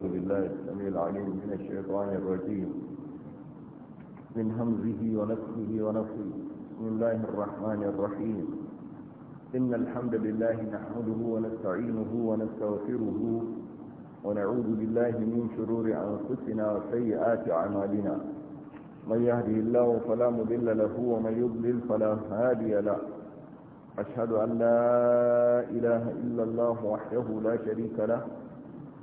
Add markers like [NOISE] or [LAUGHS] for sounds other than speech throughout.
أعوذ بالله السميع العليم من الشيطان الرجيم من همزه ونفسه ونفسه بسم الله الرحمن الرحيم إن الحمد لله نحمده ونستعينه ونستغفره ونعوذ بالله من شرور أنفسنا وسيئات أعمالنا من يهده الله فلا مضل له ومن يضلل فلا هادي له أشهد أن لا إله إلا الله وحده لا شريك له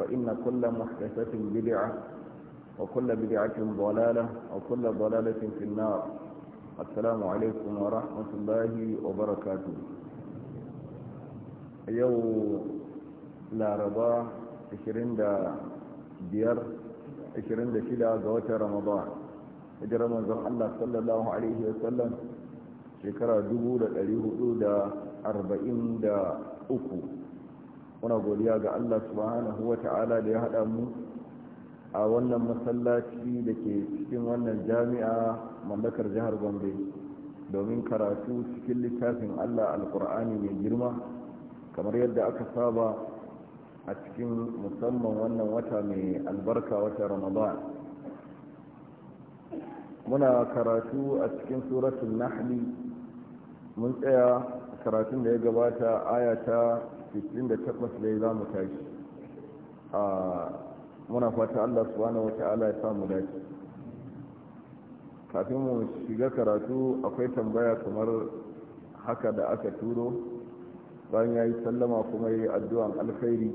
فإن كل محدثة بدعة وكل بدعة ضلالة وكل ضلالة في النار السلام عليكم ورحمة الله وبركاته يوم لا رضا عشرين ديار عشرين دشيلة زوجة رمضان اجر رمضان الله صلى الله عليه وسلم شكرا دولة اليهود أربعين دا أكو muna godiya ga Allah subhanahu wa ta'ala da ya haɗa mu a wannan masallaci da ke cikin wannan jami'a mallakar jihar gombe domin karatu cikin littafin Allah alkur'ani mai girma kamar yadda aka saba a cikin musamman wannan wata mai albarka wata ramadan muna karatu a cikin suratun nahli mun tsaya karatun da ya gabata ayata da dai za mu tashi muna fata allah subhanahu wata ala ya samu dace kafin mu shiga karatu akwai tambaya kamar haka da aka turo bayan ya yi sallama kuma ya yi addu'an alkhairi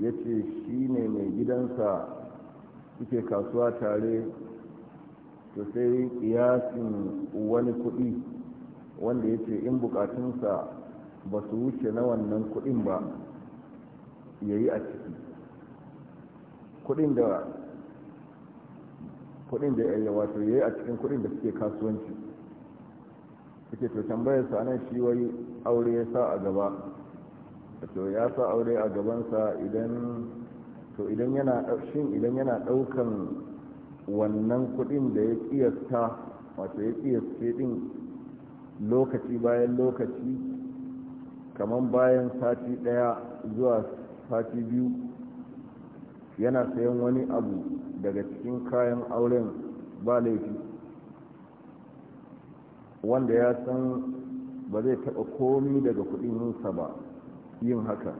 ya ce shi ne mai gidansa suke kasuwa tare to sai kiyasin wani kuɗi wanda ya ce in bukatunsa ba su wuce na wannan kudin ba ya yi a ciki kudin da ya yi ya wato ya yi a cikin kudin da suke kasuwanci suke to tambaya sa nan shi wai aure ya sa a gaba to ya sa aure a gabansa idan to idan yana idan yana daukan wannan kudin da ya kiyasta wato ya ƙiyasta din lokaci bayan lokaci kamar bayan sati daya zuwa sati biyu yana sayan wani abu daga cikin kayan auren ba laifi wanda ya san ba zai taɓa komi daga kudin yinsa ba yin haka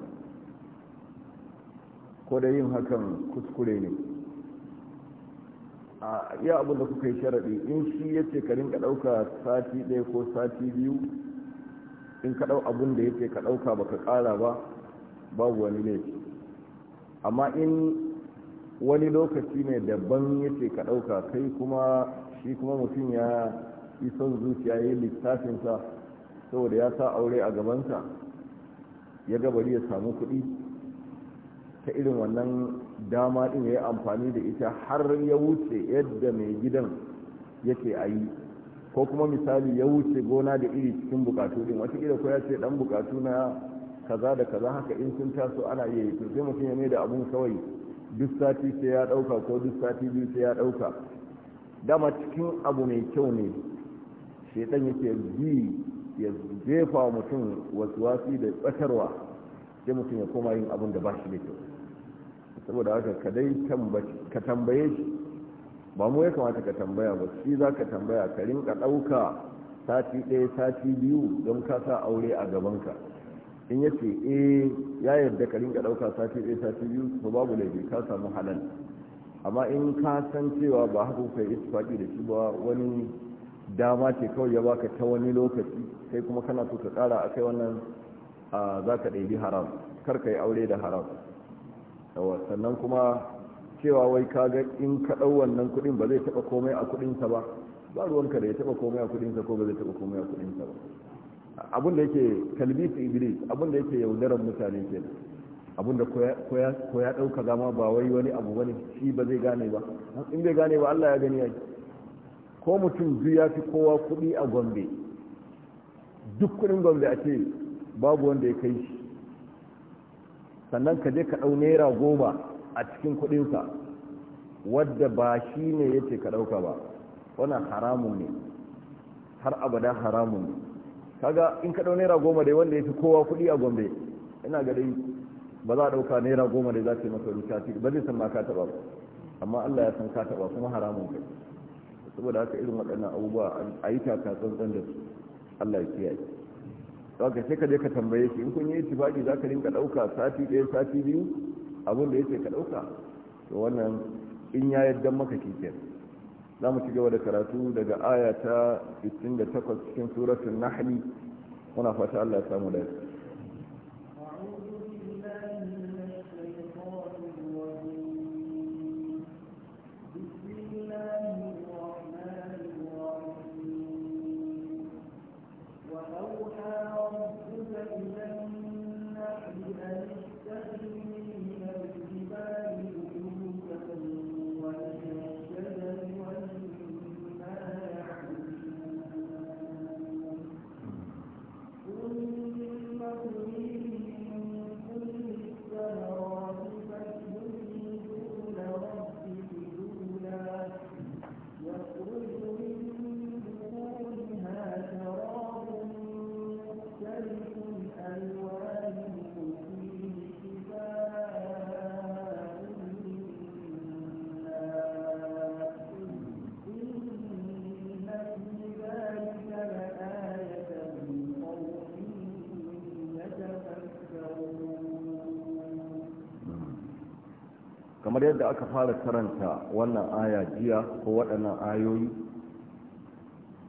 ko da yin hakan kuskure ne a iya abin da kuka yi sharaɗi in shi ya ce ka rinka ɗauka sati ɗaya ko sati biyu in ka ɗau abin da yake ka ɗauka ba ka ƙara ba babu wani ne amma in wani lokaci ne daban yake ka ɗauka kai kuma shi kuma mutum ya yi son zuciya ya yi littafinsa saboda ya sa aure a gabansa ya gabari ya samu kuɗi ta irin wannan dama ɗin ya yi amfani da ita har ya wuce yadda mai gidan yake a yi ko kuma misali ya wuce gona da iri cikin bukatu din kila ko ya ce dan bukatu na kaza da kaza haka in sun taso ana iya yi to sai mutum ya mai da abun kawai duk sati sai ya dauka ko duk sati biyu sai ya dauka dama cikin abu mai kyau ne shaitan yake bi ya jefa mutum wasuwasi da tsakarwa sai mutum ya koma yin abun da ba shi da kyau saboda haka ka dai ka tambaye shi ba mu ya kamata ka tambaya ba shi za ka tambaya ka rinka ɗauka sati ɗaya sati biyu don kasa aure a gabanka in ya ce eh ya yarda ka rinka ɗauka sati ɗaya sati biyu to babu laifi ka samu halal amma in ka san cewa ba haka kai isfaki da shi ba wani dama ce kawai ya baka ta wani lokaci kai kuma kana so ka kara a kai wannan za ka ɗaibi haram kar ka yi aure da haram sannan kuma cewa wai kaga in ka ɗau wannan kuɗin ba zai taɓa komai a kuɗinsa ba ba ruwanka da ya taɓa komai a kuɗinsa ko ba zai taɓa komai a kuɗinsa ba abinda da yake talbisu iblis abinda yake yaudaran mutane ke abin da ko ya ɗauka zama ba wai wani abu wani shi ba zai gane ba in bai gane ba allah ya gani ya ko mutum zu ya fi kowa kuɗi a gombe duk kuɗin gombe a ce babu wanda ya kai shi sannan ka je ka ɗau naira goma a cikin kudinsa wadda ba shi ne ya ce ka ɗauka ba wana haramun ne har abada haramun ne kaga in ka ɗau naira goma dai wanda ya fi kowa kuɗi a gombe ina ga dai ba za a ɗauka naira goma dai za ta yi maka rubuta ba zai san ma ka taɓa ba amma allah ya san ka taɓa kuma haramun kai saboda haka irin waɗannan abubuwa a yi taka tsantsan da su allah ya kiyaye za ka sai ka je ka tambaye shi in kun yi itifaki za ka rinka ɗauka sati ɗaya sati biyu abin da yake ka ɗauka to wannan in ya yadda maka kike za mu ci gaba da karatu daga aya ta 68 cikin suratun nahli muna fata Allah ya samu lafiya kamar yadda aka fara karanta wannan aya jiya ko waɗannan ayoyi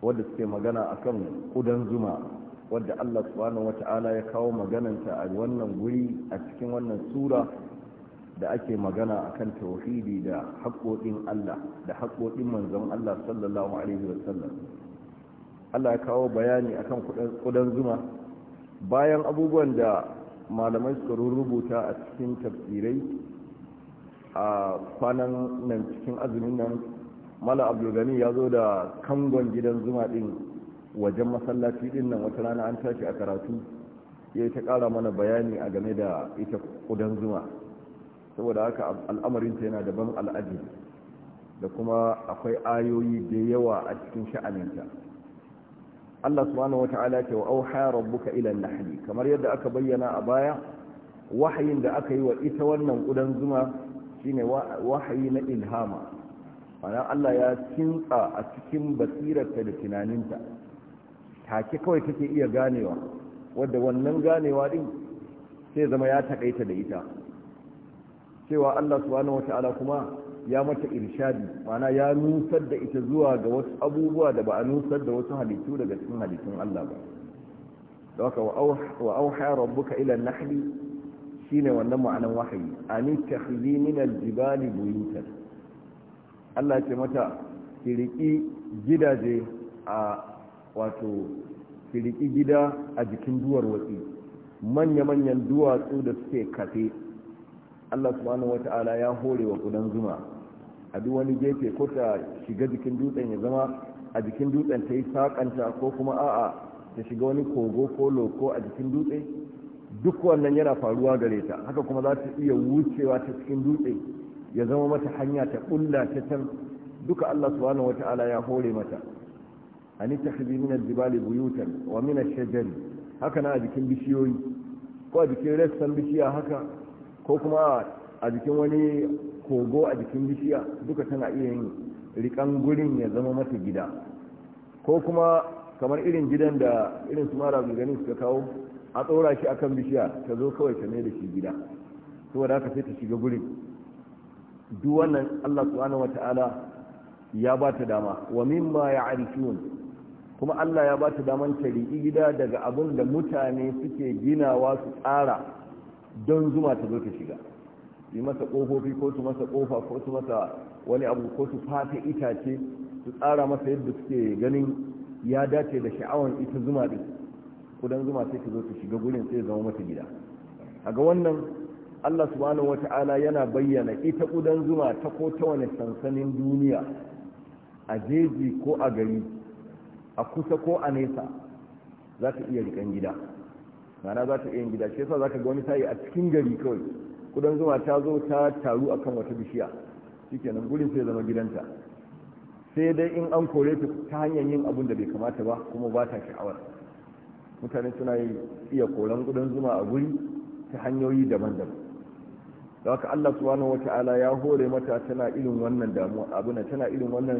wadda suke magana akan ƙudan zuma wadda Allah subhanahu wata'ala ya kawo magananta a wannan guri a cikin wannan sura da ake magana akan tauhidi da haƙoƙin Allah da haƙoƙin manzon Allah sallallahu alaihi wasallam Allah ya kawo bayani akan ƙudan zuma bayan abubuwan da malamai suka rubuta a cikin tafsirai a kwanan nan cikin azumin nan mala abdulgani ya zo da kangon gidan zuma din wajen masallaci din nan wata rana an tashi a karatu ya ta kara mana bayani a game da ita kudan zuma saboda haka al'amarinta yana daban al'aji da kuma akwai ayoyi da yawa a cikin sha'aninta Allah subhanahu wata'ala ke wa auha rabbuka ila nahli kamar yadda aka bayyana a baya wahayin da aka yi wa ita wannan kudan zuma shine wahayi na ilhama ana Allah ya kintsa a cikin basirarta da tunaninta take kawai take iya ganewa wadda wannan ganewa din sai zama ya takaita da ita cewa Allah subhanahu wata'ala kuma ya mata irshadi mana ya nusar da ita zuwa ga wasu abubuwa da ba a nusar da wasu halittu daga cikin halittun Allah ba da haka wa auha rabbuka ila nahli shine wannan ma'anan wahayi ani takhzi min al-jibali buyutan Allah ce mata kiriki gidaje a wato kiriki gida a jikin duwar watsi manya-manyan duwatsu da suke kafe Allah subhanahu wata'ala ya hore wa kudan zuma a duk wani gefe ko ta shiga jikin dutsen ya zama a jikin dutsen ta yi sakanta ko kuma a'a ta shiga wani kogo ko loko a jikin dutse duk wannan yana faruwa gare ta haka kuma za ta iya wucewa ta cikin dutse ya zama mata hanya ta kulla ta can duka Allah subhanahu wata'ala ya hore mata ani takhzi min al-jibali buyutan wa min ash-shajari haka na a jikin bishiyoyi ko a jikin rassan bishiya haka ko kuma a jikin wani kogo a jikin bishiya duka tana iya yin rikan gurin ya zama mata gida ko kuma kamar irin gidan da irin su mara gani suka kawo a tsora shi akan bishiya ta zo kawai ta ne da shi gida saboda haka sai ta shiga gurin duk wannan Allah subhanahu wata'ala ya ba ta dama wa mimma ya'rifun kuma Allah ya ba ta daman ta riƙi gida daga abin da mutane suke ginawa su tsara don zuma ta zo ta shiga yi masa kofofi ko su masa ƙofa ko su masa wani abu ko su fata itace su tsara masa yadda suke ganin ya dace da sha'awan ita zuma ɗin. kudan zuma sai ta zo ta shiga gurin sai zama mata gida a ga wannan Allah subhanahu wata'ala yana bayyana ita kudan zuma ta ko ta wani sansanin duniya a jeji ko a gari a kusa ko a nesa za ta iya rikan gida mana za ta iya yin gida shi yasa za ka ga wani sa'i a cikin gari kawai kudan zuma ta zo ta taru akan wata bishiya shikenan gurin sai zama gidanta sai dai in an kore ta ta hanyar yin abun da bai kamata ba kuma ba ta sha'awar mutane suna iya koran kudin zuma a guri ta hanyoyi daban-daban da haka Allah subhanahu ta'ala ya hore mata tana irin wannan damuwa abuna tana irin wannan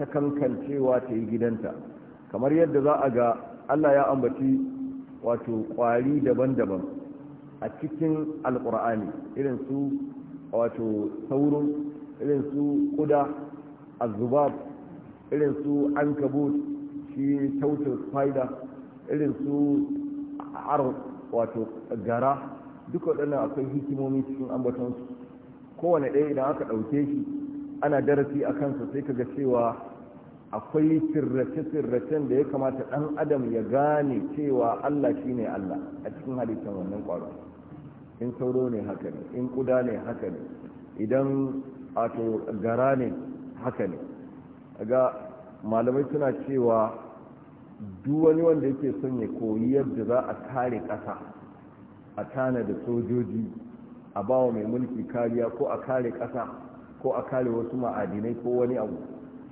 sakankancewa ta yi gidanta kamar yadda za a ga Allah ya ambaci wato kwari daban-daban a cikin alkur'ani irin su wato saurin irin su kuda azubab irin su ankabut shi tautar spider irin su har wato gara duk waɗannan akwai hikimomi cikin ambatonsu kowane ɗaya idan aka ɗauke shi ana darasi a kansa sai ka ga cewa akwai tsirrace-tsirracen da ya kamata ɗan adam ya gane cewa allah shine allah a cikin halittar wannan ƙwaro in sauro ne haka ne in ƙuda ne haka ne idan wato gara ne haka ne ga malamai suna cewa duk wani wanda yake son ya koyi yadda za a kare ƙasa a tana da sojoji a bawa mai mulki kariya ko a kare ƙasa ko a kare wasu ma'adinai ko wani abu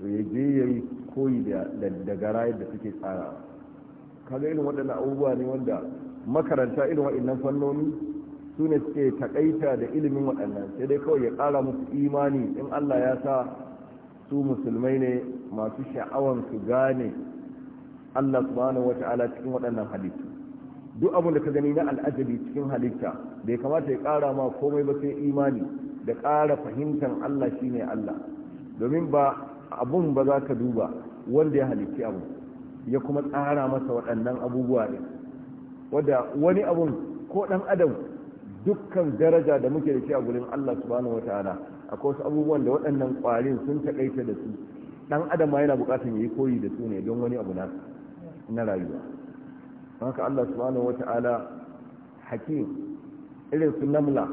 to ya je ya yi koyi da gara yadda suke tsara kaga irin waɗannan abubuwa ne wanda makaranta irin waɗannan fannoni su ne suke taƙaita da ilimin waɗannan sai dai kawai ya ƙara musu imani in allah ya sa su musulmai ne masu sha'awan su gane Allah subhanahu ta'ala cikin waɗannan halittu duk abin da ka gani na al'ajabi cikin halitta bai kamata ya ƙara ma komai ba sai imani da ƙara fahimtar Allah shine Allah domin ba abun ba za ka duba wanda ya halitti abu ya kuma tsara masa waɗannan abubuwa ne wadda wani abun ko ɗan adam dukkan daraja da muke da shi a gurin Allah subhanahu ta'ala akwai wasu abubuwan da waɗannan ƙwarin sun taƙaita da su ɗan adam ma yana buƙatar ya yi koyi da su ne don wani abu nasu. na rayuwa haka Allah subhanahu wata'ala hakim irin su namla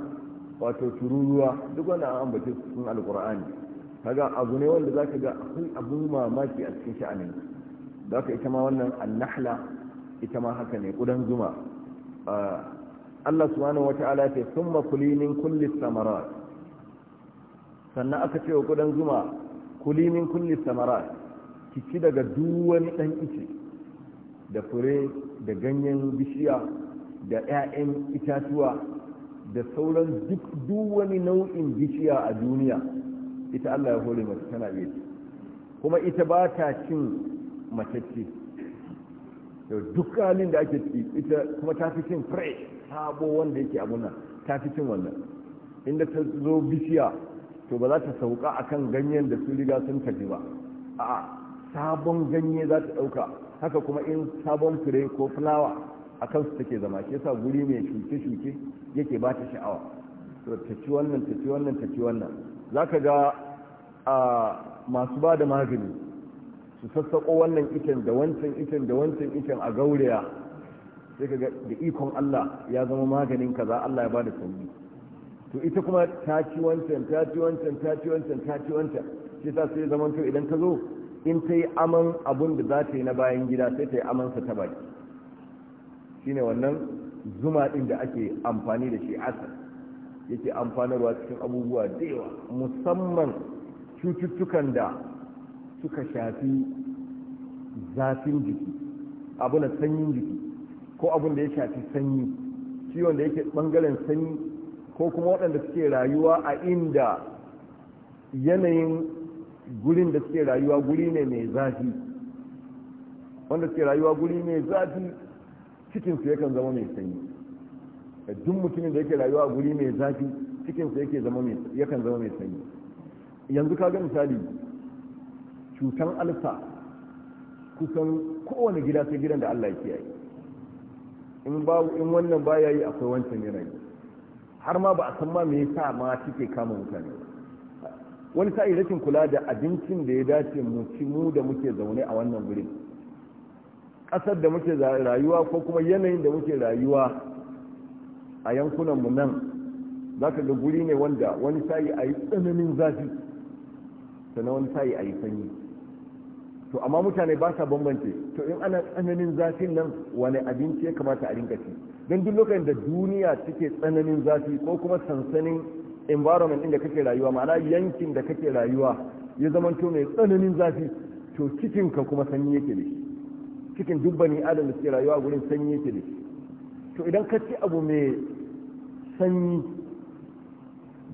wato tururuwa duk wani an ambace su cikin alkur'ani kaga abu ne wanda zaka ga akwai abun mamaki a cikin sha'anin zaka ita ma wannan annahla ita ma haka ne kudan zuma ah, Allah subhanahu wata'ala ce summa kuli min kulli samarat sannan aka ce wa kudan zuma kuli min kulli samarat ki ci daga duk wani dan ice da fure da ganyen bishiya da 'ya'yan itatuwa da sauran duk wani nau'in bishiya a duniya ita allah ya hore mace tana iya kuma ita ba ta cin matacce da duk halin da ake ci ita kuma ta fi cin fresh sabo wanda yake abu nan ta fi cin wannan inda ta zo bishiya to ba za ta sauka akan ganyen da su riga sun tafi ba a'a sabon ganye za ta ɗauka haka kuma in sabon fure ko fulawa a kansu take zama shi yasa guri mai shuke-shuke yake ba ta sha'awa ta ci wannan ta ci wannan ta ci wannan za ka ga masu ba da magani su sassaƙo wannan itin da wancan itin da wancan itin a gauraya sai ka ga da ikon Allah ya zama maganin ka za Allah ya ba da sauri to ita kuma ta ci wancan ta ci wancan ta ci wancan ta ci wancan shi ta sai zaman to idan ka zo in ta yi aman abun da za ta yi na bayan gida sai ta yi amansa ta baki ne wannan zuma ɗin da ake amfani da shi asa yake amfanarwa cikin abubuwa da yawa musamman cututtukan da suka shafi zafin jiki abu na sanyin jiki ko abin da ya shafi sanyi ciwon da yake bangaren sanyi ko kuma waɗanda suke rayuwa a inda yanayin gurin da suke rayuwa guri ne mai zafi wanda suke rayuwa guri mai zafi cikinsu yakan zama mai sanyi duk mutumin da yake rayuwa guri mai zafi cikinsu yake zama mai yakan zama mai sanyi yanzu ka ga misali cutan alfa kusan kowane gida sai gidan da Allah ya kiyaye in babu in wannan baya yi akwai wancan yanayi har ma ba a san ma me yasa ma take kama mutane ba wani sa'i rashin kula da abincin da ya dace mu mu da muke zaune a wannan wuri ƙasar da muke rayuwa ko kuma yanayin da muke rayuwa a yankunan mu nan za ka ga guri ne wanda wani sa'i a yi tsananin zafi sannan wani sa'i a yi sanyi to amma mutane ba sa bambance to in ana tsananin zafin nan wani abinci ya kamata a rinka ci don duk lokacin da duniya take tsananin zafi ko kuma sansanin environment ɗin da kake rayuwa ma'ana yankin da kake rayuwa ya zamanto mai tsananin zafi to cikinka kuma sanyi yake da shi cikin dubbani adam da suke rayuwa gurin sanyi yake da shi to idan ka ci abu mai sanyi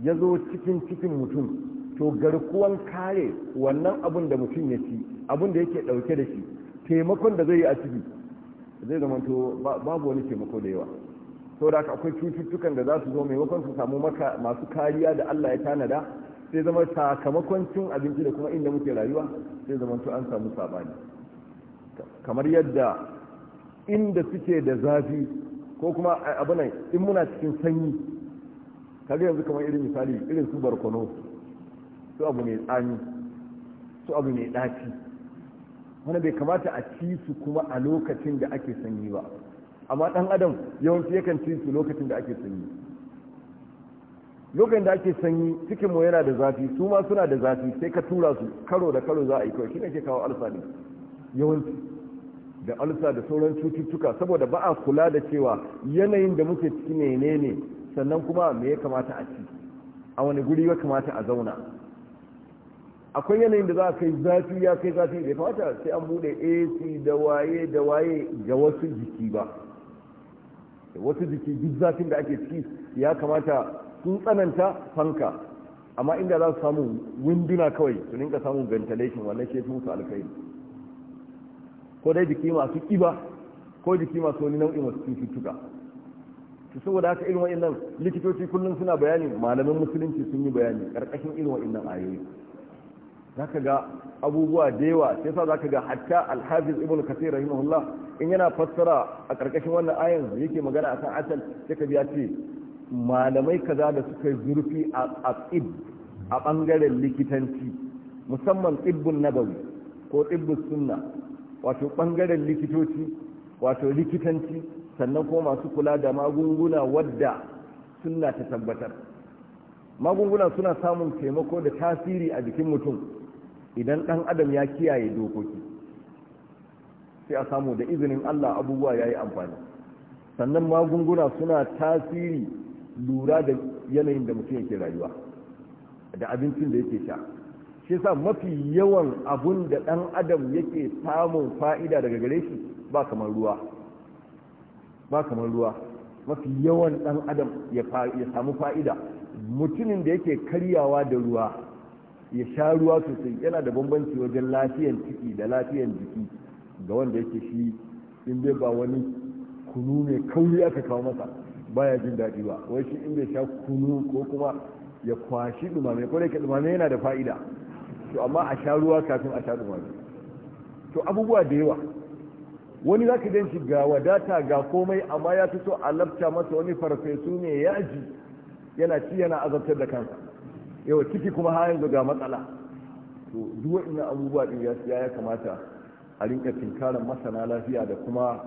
ya zo cikin cikin mutum to garkuwan kare wannan abun da mutum ya ci abun da yake dauke da shi taimakon da zai yi a ciki zai to babu wani taimako da yawa saboda akwai cututtukan da za su zo maimakon su samu masu kariya da Allah ya tanada sai zama sakamakon cin abinci da kuma inda muke rayuwa sai zama to an samu sabani kamar yadda inda suke da zafi ko kuma abu nan in muna cikin sanyi kaga yanzu kamar irin misali irin su barkono su abu mai tsami su abu mai daci wanda bai kamata a ci su kuma a lokacin da ake sanyi ba amma ɗan adam yawanci yakan ci su lokacin da ake sanyi lokacin da ake sanyi cikin yana da zafi su ma suna da zafi sai ka tura su karo da karo za a yi kawai ke kawo alsa ne yawanci da alsa da sauran cututtuka saboda ba a kula da cewa yanayin da muke ciki ne ne sannan kuma me ya kamata a ci a wani guri ya kamata a zauna akwai yanayin da za a kai zafi ya kai zafi bai kamata sai an bude ac da waye da waye ga wasu jiki ba wasu jiki duk zafin da ake ciki ya kamata sun tsananta fanka amma inda za su samu winduna kawai su ninka samun ventilation wannan ke fi musu alkhairi ko dai jiki masu ƙiba ko jiki masu wani nau'in wasu cututtuka su saboda haka irin wa'annan likitoci kullum suna bayani malaman musulunci sun yi bayani karkashin irin wa'annan ayoyi Za ka ga abubuwa da yawa sai sa za ka ga hatta alhafiz ibn kasir rahimahullah in yana fassara a ƙarƙashin wannan ayan yake magana kan asal sai ka biya ce malamai kaza da suka zurfi a tsib a ɓangaren likitanci musamman tsibbin nabawi ko tsibbin sunna wato ɓangaren likitoci wato likitanci sannan ko masu kula da magunguna wadda sunna ta tabbatar magunguna suna samun taimako da tasiri a jikin mutum idan ɗan adam ya kiyaye dokoki sai a samu da izinin Allah abubuwa ya yi amfani sannan magunguna suna tasiri lura da yanayin da mutum yake rayuwa da abincin da yake sha shi sa mafi yawan abun da dan adam yake samun fa'ida daga gare shi ba kamar ruwa ba kamar ruwa mafi yawan dan adam ya samu fa'ida mutumin da yake karyawa da ruwa ya sha ruwa sosai yana da bambanci wajen lafiyan ciki da lafiyan jiki ga wanda yake shi in bai ba wani kunu mai kauri aka kawo masa baya jin daɗi ba wai shi in bai sha kunu ko kuma ya kwashi dumame ko da yake dumame yana da fa'ida to amma a sha ruwa kafin a sha dumame to abubuwa da yawa wani za ka gan shi ga wadata ga komai amma ya fito a lafta masa wani farfesu ne ya ji yana ci yana azabtar da kansa yau ciki kuma har yanzu ga matsala to duk waɗannan abubuwa ɗin ya kamata a rinka tinkarar masana lafiya da kuma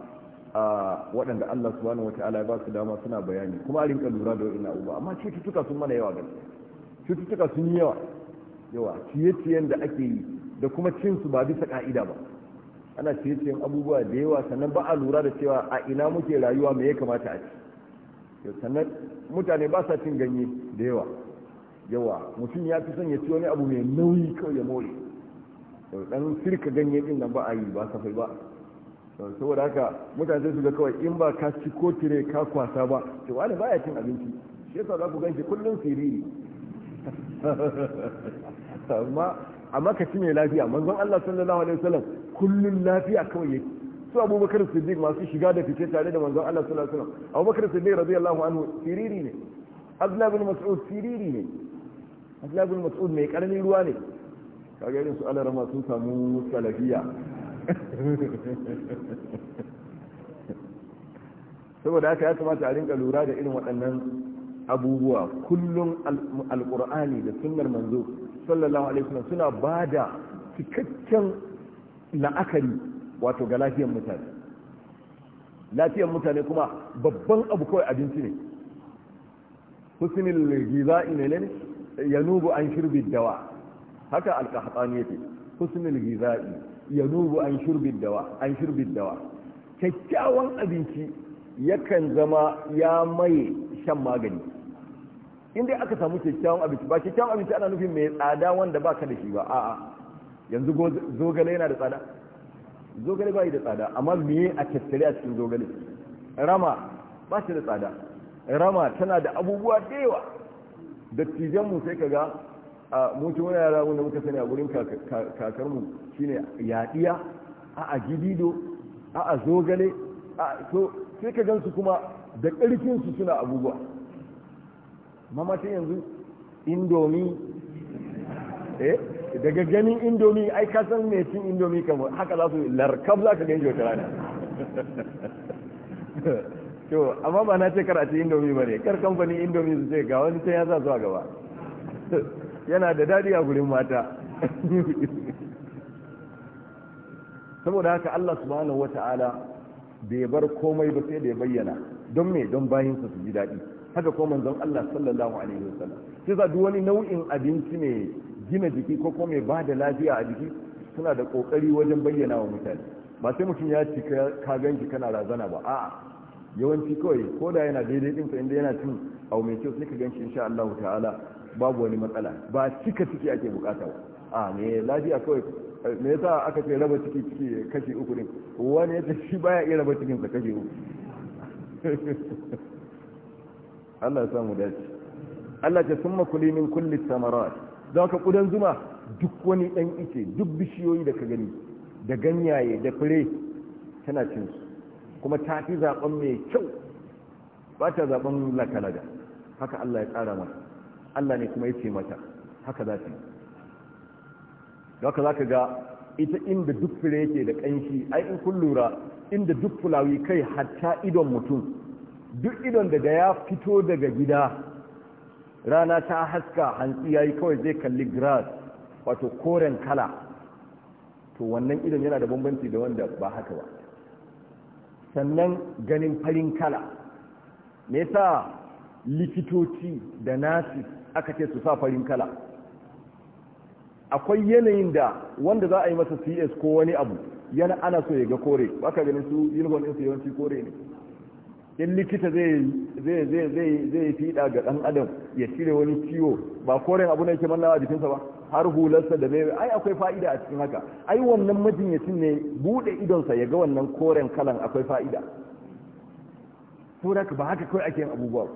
a waɗanda Allah subhanahu wataala ya ba su dama suna bayani kuma a rinka lura da wa'ina uba amma cututtuka sun mana yawa gaskiya cututtuka sun yi yawa yawa ciye-ciyen da ake yi da kuma cin su ba bisa ka'ida ba ana ciye-ciyen abubuwa da yawa sannan ba a lura da cewa a ina muke rayuwa me ya kamata a ci sannan mutane ba sa cin ganye da yawa yawa mutum ya fi son ya ci wani abu mai nauyi kawai ya more dan shirka ganye din nan ba a yi ba safai ba saboda haka mutane su ga kawai in ba ka ci ko tire ka kwasa ba to wani baya cin abinci shi yasa za ku ganshi kullum siriri [LAUGHS] amma amma ka ci mai lafiya manzon Allah sallallahu alaihi wasallam kullum lafiya kawai yake su abubakar siddiq masu shiga da fice tare da manzon Allah sallallahu alaihi wasallam abubakar siddiq radiyallahu anhu siriri ne abdullah bin mas'ud siriri ne abdullah bin mas'ud mai karamin ruwa ne kaga irin su alarama sun samu salafiya saboda haka ya kamata a rinka lura da irin waɗannan abubuwa kullum al'kur'ani da sunnar manzo sallallahu alaihi wasallam suna ba da cikakken la'akari wato ga lafiyar mutane lafiyar mutane kuma babban abu kawai abinci ne husnul ghiza'i ne ne yanubu an shirbi dawa haka alqahtani yake husnul ghizai yanubu an shurbid dawa an shurbid dawa kyakkyawan abinci yakan zama ya mai shan magani in dai aka samu kyakkyawan abinci ba kyakkyawan abinci ana nufin mai tsada wanda ka da shi ba a'a yanzu zogale yana da tsada zogale bai da tsada amma meye a tattare a cikin zogale rama ba shi da tsada rama tana da abubuwa da yawa dattijanmu sai kaga a mutum wani yara wanda muka sani a gurin kakarmu shine yaɗiya a a gidido a a zogale a to sai ka gansu kuma da ƙarfinsu suna abubuwa mamata yanzu indomi eh daga ganin indomi ai ka san mai cin indomi kamar haka za su larkab za ka ganjo ta rana [LAUGHS] to amma ba na ce kar a ci indomi ba ne kar kamfanin indomi su ce ga wani can ya sa zuwa a gaba [LAUGHS] yana da dadi a gurin mata saboda haka Allah subhanahu wata'ala bai bar komai ba sai da ya bayyana don me don bayin su ji dadi haka ko manzon Allah sallallahu alaihi wasallam sai za duk wani nau'in abinci ne gina jiki ko kuma mai ba da lafiya a jiki suna da kokari wajen bayyana wa mutane ba sai mutum ya ci ka ganki kana razana ba a'a yawanci kawai ko da yana daidai din sa inda yana cin au mai kyau sai ka ganshi insha Allah ta'ala babu wani matsala ba cika ciki ake bukata ba a me lafiya kawai me yasa aka ce raba ciki ciki kashi uku ne wani yace shi baya iya raba cikin sa kashi uku [LAUGHS] Allah ya samu dace Allah ya summa kuli min kulli samarat za ka kudan zuma duk wani dan ice duk bishiyoyi da ka gani da ganyaye da fure tana cin su kuma ta fi zaben mai kyau ba ta zaben lakalada haka Allah ya tsara mata Allah ne kuma ya mata haka za ta yi da haka za ka ga ita inda duk fure yake da ƙanshi ai in kun lura inda duk fulawi kai hatta idon mutum duk idon daga ya fito daga gida rana ta haska hantsi ya yi kawai zai kalli grass wato koren kala to wannan idon yana da bambanci da wanda ba haka ba sannan ganin farin kala me yasa likitoci da nasis? aka ce su sa farin kala akwai yanayin da wanda za a yi masa cs ko wani abu yana ana so ya ga kore ba ka ganin su uniform ɗinsu yawanci kore ne in likita zai fiɗa ga ɗan adam ya cire wani ciwo ba koren abu ne yake a jikinsa ba har hularsa da zai ai akwai fa'ida a cikin haka ai wannan majinyacin ne buɗe idonsa ya ga wannan koren kalan akwai fa'ida saboda ba haka kawai ake yin abubuwa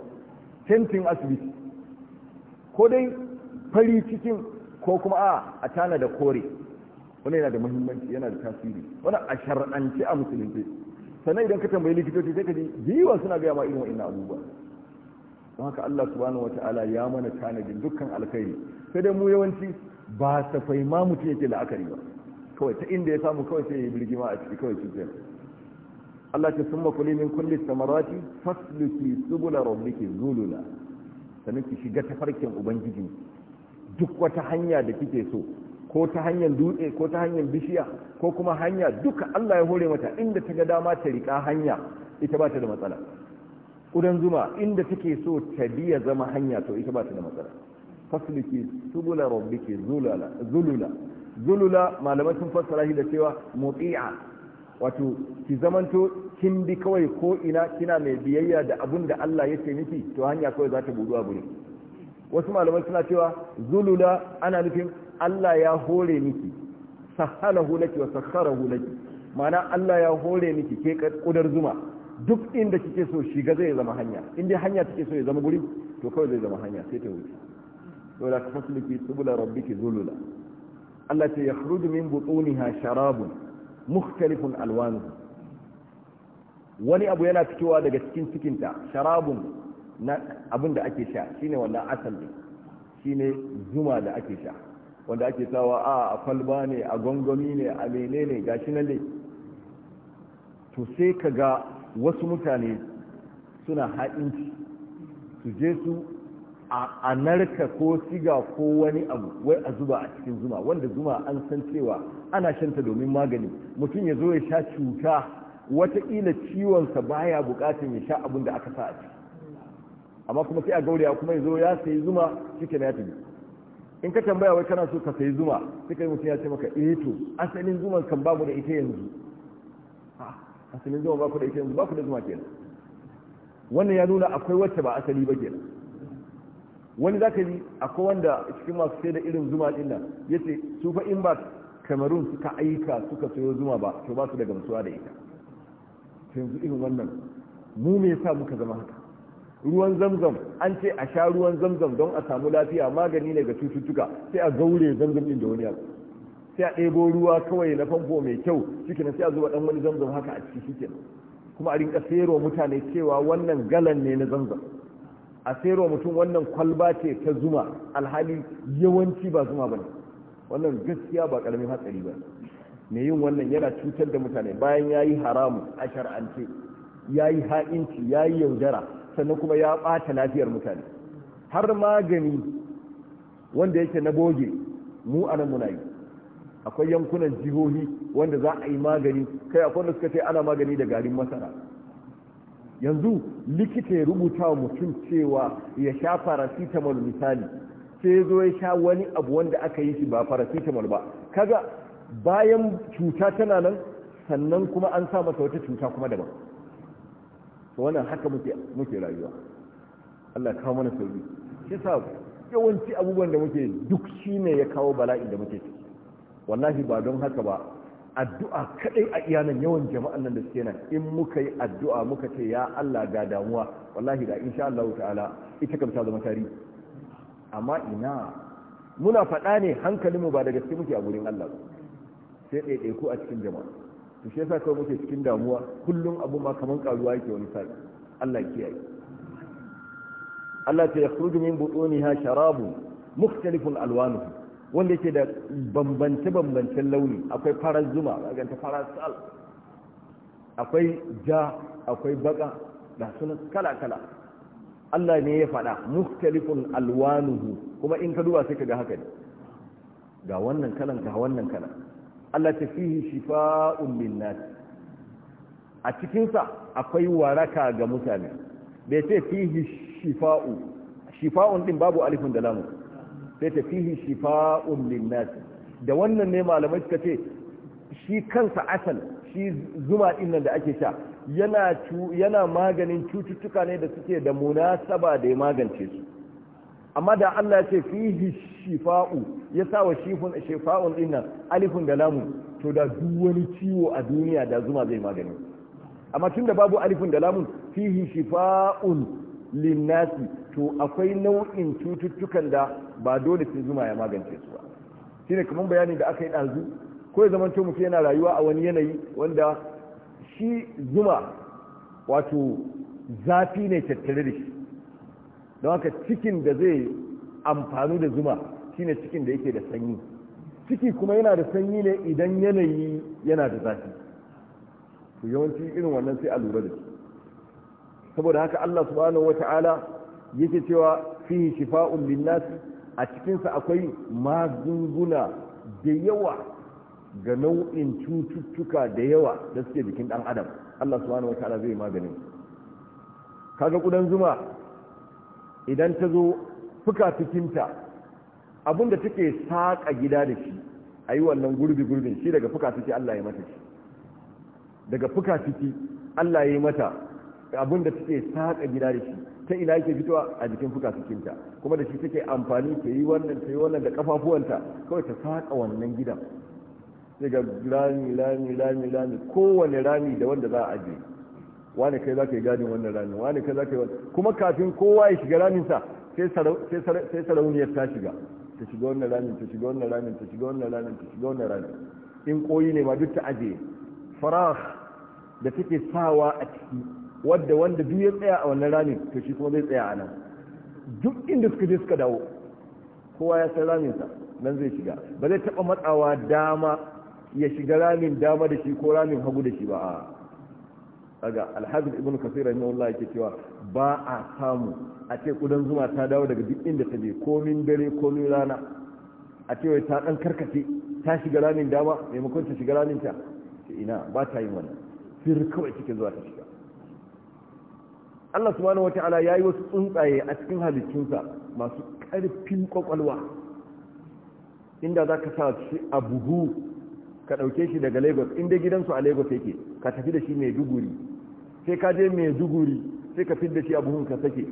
tentin asibiti ko dai fari cikin ko kuma a a tana da kore wani yana da muhimmanci yana da tasiri wani a shar'anci a musulunci sannan idan ka tambayi likitoci sai ka ji biyuwa suna gaya ma irin wa'in abubuwa don haka Allah subhanahu wa ta'ala ya mana da dukkan alkhairi sai dai mu yawanci ba fai ma mutum yake la'akari ba kawai ta inda ya samu kawai sai ya yi birgima a ciki kawai shi Allah ta summa kuli min kulli samarati fasluki subula rabbiki zulula sannan ki shiga tafarkin ubangiji duk wata hanya da kike so ko ta hanyar dutse ko ta hanyar bishiya ko kuma hanya duka Allah ya hore mata inda ta ga dama ta rika hanya ita ba ta da matsala kudan zuma inda take so ta biya zama hanya to ita ba ta da matsala fasliki subula rabbiki zulula zulula zulula malamai sun fassara shi da cewa muti'a wato ki zamanto kin bi kawai ko ina kina mai biyayya da abun da Allah ya ce miki to hanya kawai za ta budu a guri wasu malamai suna cewa zulula ana nufin Allah ya hore miki sahalahu laki wa sakharahu laki ma'ana Allah ya hore miki ke kudar zuma duk inda kike so shiga zai zama hanya inda hanya take so ya zama guri to kawai zai zama hanya sai ta wuce dole ka fasliki subula rabbiki zulula Allah ce yakhruju min butuniha sharabun mukhtalifun alwanuhu wani abu yana fitowa daga cikin cikinta sharabun na abin da ake sha shine wannan asali shine zuma da ake sha wanda ake sawa a kwalba ne a gwangwami ne a menene gashi nan dai to sai ka ga wasu mutane suna haɗinci su je su a narka ko siga ko wani abu wai a zuba a cikin zuma wanda zuma an san cewa ana shanta domin magani mutum ya zo ya sha cuta wataƙila ciwonsa baya buƙatar ya sha abin da aka sa a ciki amma kuma sai a a kuma ya zo ya sayi zuma cikin ya tafi in ka tambaya wai kana so ka sayi zuma sai kai mutum ya ce maka eh to asalin zuman kan babu da ita yanzu asalin zuma baku da ita yanzu baku da zuma kenan wannan ya nuna akwai wacce ba asali ba kenan wani zaka yi akwai wanda cikin masu sai da irin zuma din nan yace su fa in ba Kamarun suka aika suka sayo zuma ba to ba su da gamsuwa da ita yanzu irin wannan mu me yasa muka zama haka ruwan zamzam an ce a sha ruwan zamzam don a samu lafiya magani ne ga cututtuka sai a gaure zamzam din da wani abu sai a ɗebo ruwa kawai na famfo mai kyau shikenan sai a zuba ɗan wani zamzam haka a ciki shikenan kuma a rinka sayarwa mutane cewa wannan galan ne na zamzam a sayarwa mutum wannan kwalba ce ta zuma alhali yawanci ba zuma ba ne wannan gaskiya ba ƙaramin hatsari ba mai yin wannan yana cutar da mutane bayan ya yi haramu a shar'ance ya yi ha'inci ya yi yaudara sannan kuma ya ɓata lafiyar mutane har magani wanda yake na goge mu a nan muna akwai yankunan jihohi wanda za a yi magani kai akwai wanda suka ce ana magani da garin masara yanzu likita ya rubuta wa mutum cewa ya sha paracetamol misali sai ya zo ya sha wani abu wanda aka yi shi ba paracetamol ba kaga bayan cuta tana nan sannan kuma an sa masa wata cuta kuma daban to wannan haka muke muke rayuwa Allah kawo mana sauki shi sa yawanci abubuwan da muke duk shine ya kawo bala'i da muke ciki wallahi ba don haka ba addu'a kadai a iyanan yawan jama'an nan da suke nan in muka yi addu'a muka ce ya Allah ga damuwa wallahi da insha Allah ta'ala ita kam ta zama tarihi amma ina muna faɗa ne hankalinmu ba da gaske muke a gurin Allah sai ɗaiɗaiku a cikin jama'a to shi yasa kawai muke cikin damuwa kullum abu ma kaman karuwa yake wani sa'i Allah kiyaye Allah ta yakhruju min butuniha sharabu mukhtalifun alwanuhu wanda yake da bambance bambancen launi akwai farar zuma ga ta farar sal akwai ja akwai baka da sunan kala kala Allah ne ya faɗa mukhtalifun alwanuhu kuma in ka duba sai ka ga haka ne ga wannan kalan ga wannan kalan Allah fihi shifa'un linnas a cikinsa akwai waraka ga mutane bai ce fihi shifa'u shifa'un din babu alifin da lamu sai ta fihi shifa'un linnas da wannan ne malamai suka ce shi kansa asal shi zuma din nan da ake sha yana yana maganin cututtuka ne da suke da munasaba da ya magance su amma da Allah ya ce fihi shifa'u ya sa wa shifa'un din nan alifun da lamu to da duk wani ciwo a duniya da zuma zai magani amma tunda babu alifin da lamun fihi shifa'un linnasi to akwai nau'in cututtukan da ba dole sai zuma ya magance su ba shine kaman bayani da aka yi dazu ko ya zamanto mutum yana rayuwa a wani yanayi wanda shi zuma wato zafi ne tattare da shi don haka cikin da zai amfani da zuma shine cikin da yake da sanyi ciki kuma yana da sanyi ne idan yanayi yana da zafi to yawanci irin wannan sai a lura da shi saboda haka Allah subhanahu wata'ala yake cewa fi shifa'un lin-nasi a cikinsa akwai magunguna da yawa ga nau'in cututtuka da yawa da suke jikin dan adam Allah subhanahu wataala zai maganin kaga kudan zuma idan ta zo fuka fikinta abinda take saka gida da shi a yi wannan gurbi gurbin shi daga fuka ciki Allah ya mata shi daga fuka ciki Allah ya yi mata abinda take saka gida da shi ta ina yake fitowa a jikin fuka cikinta kuma da shi take amfani ta yi wannan ta yi wannan da kafafuwanta kawai ta saka wannan gidan sai ga rami rami rami rami kowane rami da wanda za a aje wani kai za ka yi gadin wannan rami wani kai za ka yi wannan kuma kafin kowa ya shiga raminsa sai sarauniyar ta shiga ta shiga wannan ramin ta shiga wannan ramin ta shiga wannan ramin ta shiga wannan ramin in koyi ne ma duk ta aje farah da take sawa a ciki wadda wanda duk ya tsaya a wannan ramin to shi kuma zai tsaya a nan duk inda suka je suka dawo kowa ya san ramin sa nan zai shiga ba zai taba matsawa dama ya shiga ramin dama da shi ko ramin hagu da shi ba a'a daga alhazin ibn kasir rahimahullah yake cewa ba a samu a ce kudan zuma ta dawo daga duk inda ta je komin dare komin rana a ce wai ta dan karkace ta shiga ramin dama maimakon ta shiga ramin ta ina ba ta yin wannan sirri kawai cikin zuwa ta shiga Allah subhanahu wata'ala yayi wasu tsuntsaye a cikin halittunsa masu karfin kwakwalwa inda zaka sa shi a buhu ka ɗauke shi daga lagos inda gidansu a lagos yake ka tafi da shi mai duguri sai ka je mai duguri sai ka fidda shi abuhun ka sake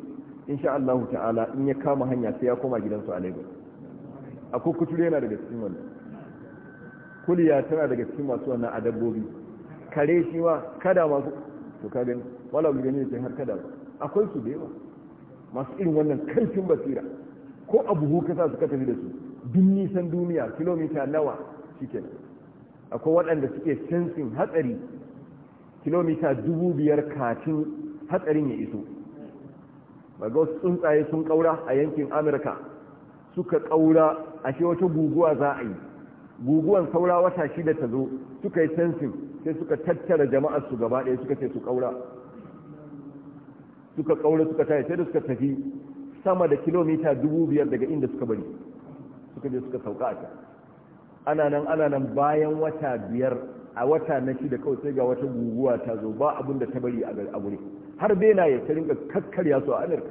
insha Allah ta'ala in ya kama hanya sai ya koma gidansu a lagos a kukutu yana daga cikin wani kuliya tana daga cikin masu wannan a dabbobi kare shi ma kada masu to ka gani wala ku gani sai har kada ba akwai su da yawa masu irin wannan karfin basira ko abu ka sa su ka tafi da su duk nisan duniya kilomita nawa kenan akwai waɗanda suke sensin hatsari kilomita dubu biyar kacin hatsarin ya iso ba ga wasu tsuntsaye sun ƙaura a yankin amurka suka ƙaura a shi wata guguwa za a yi guguwan saura wata shida ta zo suka yi sensin sai suka tattara jama'ar su gaba ɗaya suka ce su ƙaura suka ƙaura suka tare sai da suka tafi sama da kilomita dubu biyar daga inda suka bari suka je suka sauka a can ana nan ana nan bayan wata biyar a wata na shida kawai sai ga wata guguwa ta zo ba abin da ta bari a gari har bena ya ta rinka kakkarya su a amurka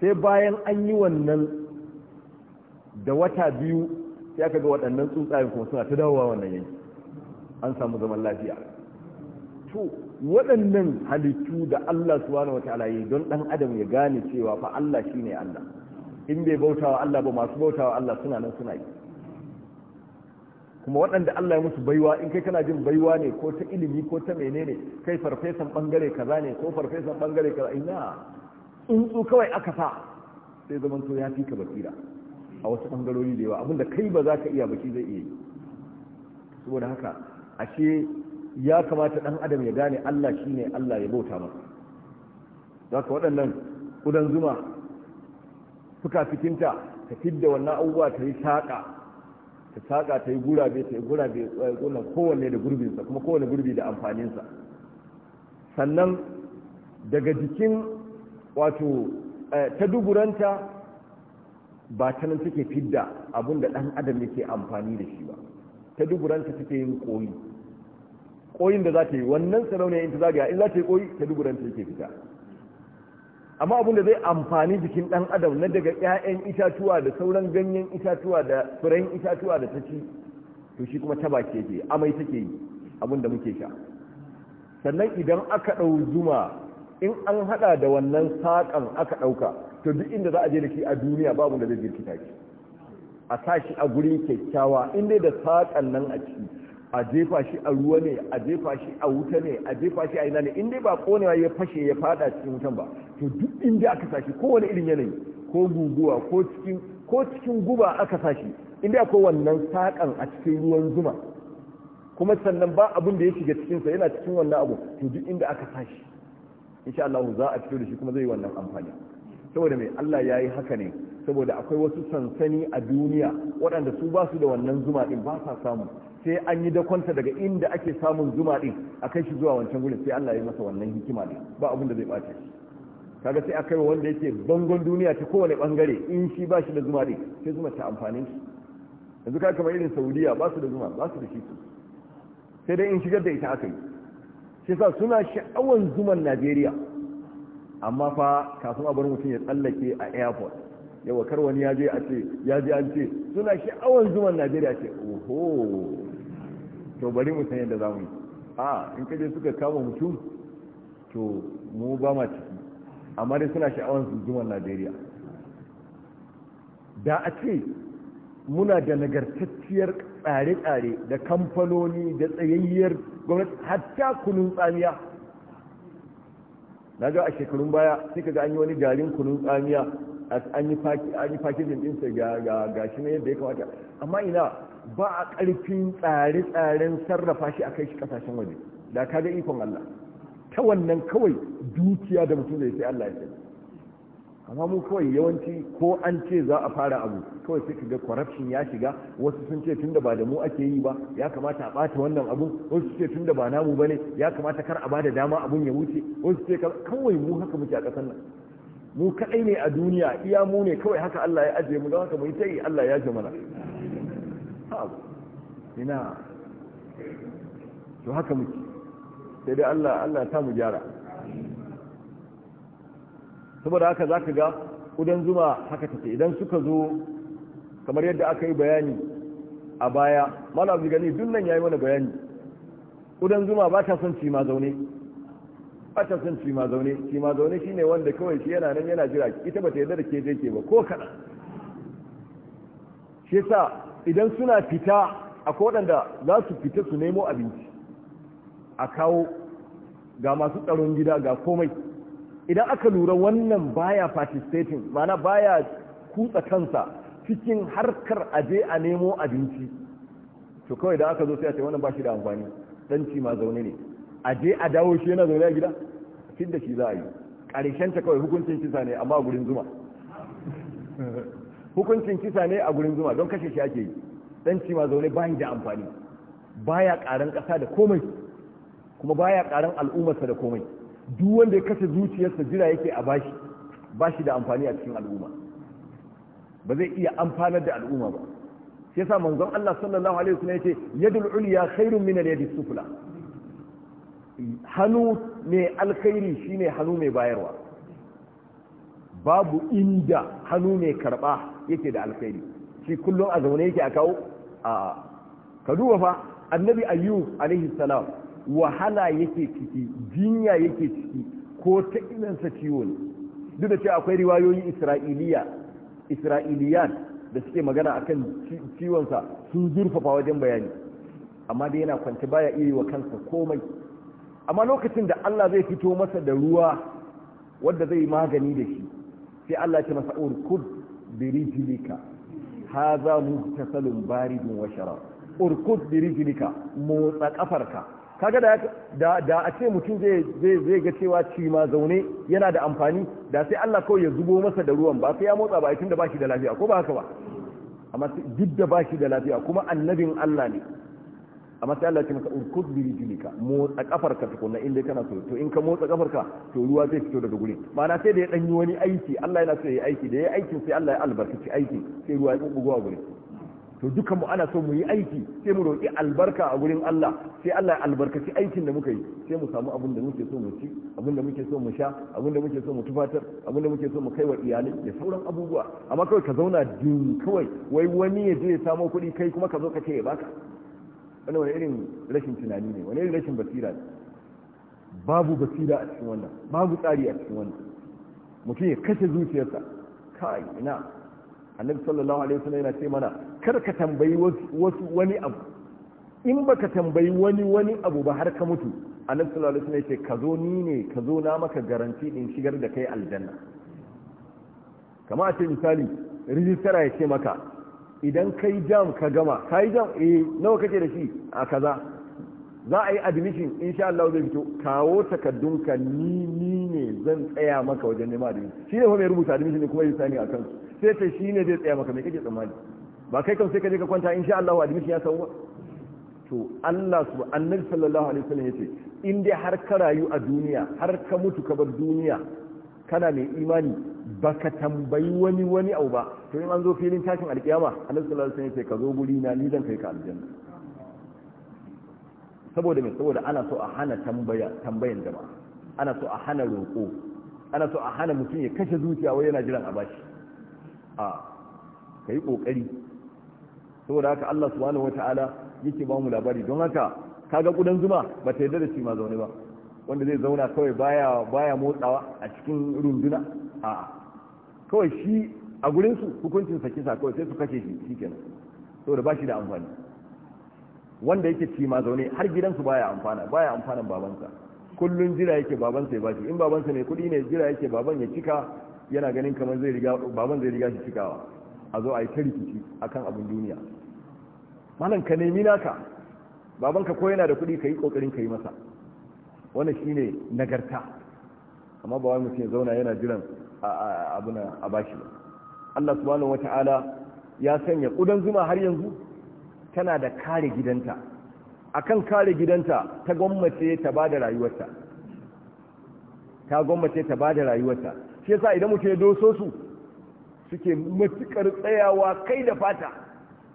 sai bayan an yi wannan da wata biyu sai aka ga waɗannan tsuntsayen kuma suna ta dawowa wannan yanki an samu zaman lafiya to waɗannan halittu da Allah su wani wata alaye don ɗan adam ya gane cewa fa Allah shine Allah in bai bautawa Allah ba masu bautawa Allah suna nan suna yi kuma waɗanda Allah ya musu baiwa in kai kana jin baiwa ne ko ta ilimi ko ta menene kai farfesan bangare kaza ne ko farfesan bangare kaza ina tsuntsu kawai aka sa sai zaman to ya fi ka basira a wasu bangarori da yawa abinda kai ba za ka iya baki zai iya saboda haka ashe ya kamata ɗan adam ya gane Allah shine Allah ya bauta masa ka waɗannan kudan zuma fuka fikinta ta fidda wannan abubuwa ta yi saƙa ta saƙa ta yi gurabe ta yi gurabe eh, kowanne da gurbinsa kuma kowanne gurbi da amfaninsa sannan daga jikin wato eh, ta duburanta ba ta nan take fidda abinda ɗan adam yake amfani da shi ba ta duburanta suke yin koyi koyin da za ta yi wannan sarauniya in ta zagaya in za ta yi koyi ta duburanta yake fita amma abin da zai amfani jikin ɗan adam na daga 'ya'yan itatuwa da sauran ganyen itatuwa da furen itatuwa da ta ci to shi kuma taba ke ke amai take yi abin da muke sha sannan idan aka ɗau zuma in an haɗa da wannan saƙan aka ɗauka to duk inda za a je da shi a duniya babu da zai jirkita shi a sa shi a guri kyakkyawa in dai da saƙan nan a ciki a jefa shi a ruwa ne a jefa shi a wuta ne a jefa shi a ina ne in dai ba konewa ya fashe ya fada cikin wutan ba to duk inda aka sashi kowane irin yanayi ko guguwa ko cikin ko cikin guba aka sashi inda kowane wannan saƙan a cikin ruwan zuma kuma sannan ba abin da ya shiga cikinsa yana cikin wannan abu to duk inda aka sashi insha Allah za a fito da shi kuma zai yi wannan amfani saboda mai Allah ya yi haka ne saboda akwai wasu sansani a duniya waɗanda su ba su da wannan zuma ɗin ba sa samu sai an yi dakonta daga inda ake samun zuma din a kai shi zuwa wancan gudun sai Allah ya masa wannan hikima ne ba abin da zai bace kaga sai akai wa wanda yake bangon duniya ta kowane bangare in shi ba shi da zuma din sai zuma ta amfani shi yanzu ka kamar irin Saudiya ba su da zuma ba su da shi sai dai in shigar da ita aka yi shi sa suna sha'awan zuman Najeriya amma fa kafin a bar mutum ya tsallake a airport yawa kar wani ya je a ce ya je an ce suna sha'awan zuman Najeriya ce oho to bari mu san yadda za mu yi a in kaje suka kama mutum to mu ba ma ciki amma dai suna sha'awar su zuwan najeriya da a ce muna da nagartacciyar tsare-tsare da kamfanoni da tsayayyar gwamnati hatta kunun tsamiya na ga a shekarun baya sai kaga an yi wani garin kunun tsamiya an yi fakijin ɗinsa ga shi na yadda ya kamata amma ina ba a ƙarfin tsare-tsaren sarrafa shi a kai shi ƙasashen waje da ka ga ikon Allah ta wannan kawai dukiya da mutum zai sai Allah ya sai amma mu kawai yawanci ko an ce za a fara abu kawai sai ga corruption ya shiga wasu sun ce tunda ba da mu ake yi ba ya kamata a bata wannan abun wasu ce tunda ba namu bane ya kamata kar a bada dama abun ya wuce wasu ce kawai mu haka muke a ƙasar nan mu kadai ne a duniya iya mu ne kawai haka Allah ya ajiye mu don haka mu yi tayi Allah ya mana. babu ina to haka muke sai dai Allah Allah ta mu gyara saboda haka zaka ga kudan zuma haka take idan suka zo kamar yadda aka yi bayani a baya malam zigani gani nan yayi mana bayani kudan zuma ba ta son cima zaune ba ta son cima zaune cima zaune shine wanda kawai shi yana nan yana jira ita ba ta yarda da ke je ke ba ko kada shi yasa idan suna fita a waɗanda za su fita su nemo abinci a kawo ga masu tsaron gida ga komai idan aka lura wannan baya participating mana baya kutsa kansa cikin harkar aje a nemo abinci to kawai da aka zo sai a ce wannan ba shi da amfani ci ma zaune ne aje a dawo shi yana zaune a gida tun da shi za a yi ƙarshen ta kawai hukuncin kisa ne amma gurin zuma hukuncin kisa ne a gurin zuma don kashe shi ake yi dan ma zaune bayan da amfani baya karan kasa da komai kuma baya karan al'ummarsa da komai duk wanda ya kashe zuciyarsa jira yake a bashi bashi da amfani a cikin al'umma ba zai iya amfanar da al'umma ba shi yasa manzon Allah sallallahu alaihi wasallam yace yadul ulya khairun min al-yadi sufla hannu mai alkhairi shine hannu mai bayarwa babu inda hannu mai karba yake da alkhairi shi kullum a zaune yake a kawo a ka duba fa annabi ayyub alaihi salam wahala yake ciki jinya yake ciki ko ta inansa ciwo ne duk da cewa akwai riwayoyin isra'iliya isra'iliyan da suke magana akan ciwonsa sun zurfafa wajen bayani amma dai yana kwance baya iri wa kansa komai amma lokacin da Allah zai fito masa da ruwa wanda zai magani da shi sai Allah ya ce masa urkud birijilika haza muhtasalun baridun wa urkut birijilika motsa kafarka kaga da da a ce mutum zai zai zai ga cewa ci ma zaune yana da amfani da sai Allah kawai ya zubo masa da ruwan ba sai ya motsa ba tunda ba shi da lafiya ko ba haka ba amma duk da ba da lafiya kuma annabin Allah ne a sai Allah ya ce maka urkud bi motsa kafarka tukunna inda kana so to in ka motsa kafarka to ruwa zai fito daga gurin ma'ana sai da ya ɗanyi wani aiki Allah yana so ya yi aiki da ya yi aikin sai Allah ya albarkaci aiki sai ruwa ya bugu a gurin to dukan mu ana so mu yi aiki sai mu roƙi albarka a gurin Allah sai Allah ya albarkaci aikin da muka yi sai mu samu abin da muke so mu ci abin da muke so mu sha abin da muke so mu tufatar abin da muke so mu kai wa iyali, da sauran abubuwa amma kawai ka zauna din kawai wai wani ya je ya samo kuɗi kai kuma ka zo ka ce ya baka wani wani irin rashin tunani ne wani irin rashin basira ne babu basira a cikin wannan babu tsari a cikin wannan mutum ya kashe zuciyarsa kai ina annabi sallallahu alaihi wasallam yana ce mana kar ka tambayi wasu wani abu in baka tambayi wani wani abu ba har ka mutu annabi sallallahu alaihi wasallam yace ka zo ni ne ka zo na maka garanti din shigar da kai aljanna kama a ce misali rijistara ya ce maka idan kai jam ka gama yi jam eh nawa kake da shi a kaza za a yi admission insha Allah zai fito kawo takaddunka ni ni ne zan tsaya maka wajen neman admission shi ne fa mai rubuta admission ne kuma yin sani a kan sai ta shi ne zai tsaya maka mai kake tsammani ba kai kan sai ka je ka kwanta insha Allah admission ya samu ba to Allah su annabi sallallahu alaihi wasallam yace in dai har ka rayu a duniya har ka mutu ka bar duniya kana mai imani ba ka tambayi wani wani abu ba to in an zo filin tashin alkiyama annabi sallallahu alaihi wasallam ya ka zo guri na ni zan kai ka aljanna saboda me saboda ana so a hana tambayan jama'a ana so a hana roƙo ana so a hana mutum ya kashe zuciya wai yana jiran a bashi a yi ƙoƙari saboda haka Allah subhanahu ala yake ba mu labari don haka kaga ƙudan zuma ba ta yarda da shi ma zaune ba wanda zai zauna kawai baya baya motsawa a cikin runduna a kawai shi a gurin su hukuncin sa kisa kawai sai su kashe shi shikenan saboda bashi da amfani wanda yake ci ma zaune har gidansu baya amfana baya amfanan babansa kullun jira yake babansa ya bashi in babansa ne kudi ne jira yake baban ya cika yana ganin kamar zai riga baban zai riga shi cikawa a zo a yi ta rikici akan abin duniya malam ka nemi naka babanka ko yana da kuɗi ka yi ƙoƙarin ka yi masa wannan shine nagarta amma ba wai mutum ya zauna yana jiran abuna a bashi ba Allah subhanahu wataala ya sanya ƙudan zuma har yanzu tana da kare gidanta akan kare gidanta ta gwammace ta ba da rayuwarta ta gwammace ta ba da rayuwarta shi yasa idan mutum ya doso su suke matukar tsayawa kai da fata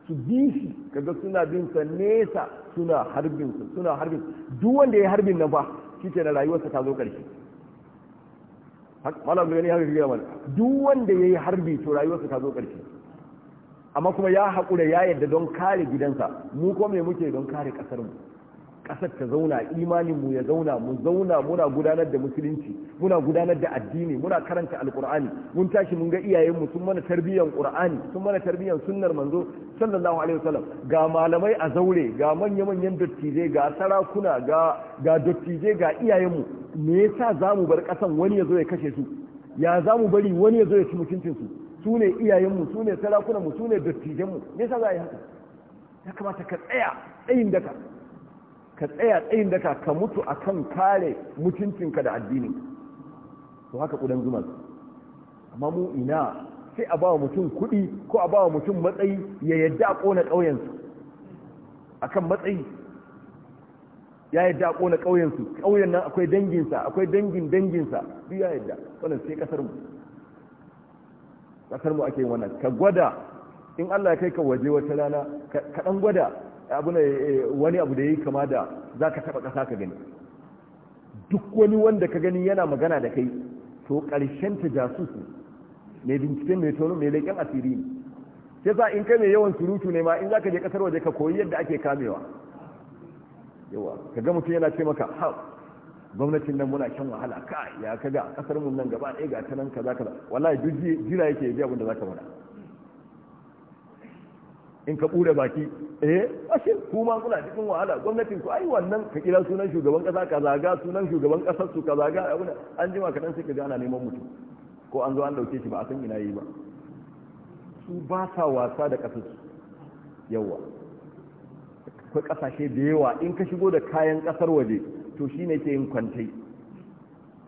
su bi shi kaga suna bin sa nesa suna harbin suna harbin duk wanda ya harbin nan ba. shi ke da rayuwarsa ta zo ƙarshe gani haka duk wanda ya yi harbi to rayuwarsa ta zo ƙarshe amma kuma ya haƙura ya yadda don kare gidansa mu kuma me muke don kare ƙasarmu kasar ta zauna imanin mu ya zauna mu zauna muna gudanar da musulunci muna gudanar da addini muna karanta alqur'ani mun tashi mun ga iyayenmu sun mana tarbiyyar qur'ani sun mana tarbiyyar sunnar manzo sallallahu alaihi wasallam ga malamai a zaure ga manya-manyan dattijai ga sarakuna ga ga dattijai ga iyayenmu me yasa zamu bar ƙasan wani ya zo ya kashe su ya zamu bari wani ya zo ya ci mutuncin su su ne iyayenmu su ne sarakunanmu su ne dattijanmu me yasa za a yi haka ya kamata ka tsaya tsayin daka ka tsaya tsayin daka ka mutu akan kare mutuncinka da addinin to haka ƙudan zuma amma mu ina sai a ba mutum kuɗi ko a ba mutum matsayi ya yadda a ƙona ƙauyensu A kan matsayi ya yadda a ƙona ƙauyensu ƙauyen nan akwai danginsa akwai dangin danginsa duk ya yadda wannan sai ƙasar mu ƙasar mu ake wannan ka gwada in Allah ya kai ka waje wata rana ka ɗan gwada Eh, wani abu da ya yi kama da za ka taba kasa ka gani duk wani wanda ka gani yana magana da kai to ƙarshen ta jasusu ne binciken mai tono mai leƙen asiri ne sai za in kai mai yawan surutu ne ma in za ka je kasar waje ka koyi yadda ake kamewa yawa ga mutum yana ce maka ha gwamnatin nan muna kyan wahala ka ya kaga kasar mun nan gaba ɗaya ga ta nan kaza kaza wallahi duk jira yake ji abin da ka faɗa in ka ɓure baki eh ashe kuma kuna cikin wahala gwamnatin ku ai wannan ka kira sunan shugaban kasa ka zaga sunan shugaban kasar su ka zaga abuna an jima kaɗan sai ka ga ana neman mutum ko an zo an dauke shi ba a san ina yi ba su ba sa wasa da ƙasar su yawa akwai ƙasashe da yawa in ka shigo da kayan ƙasar waje to shi ne ke yin kwantai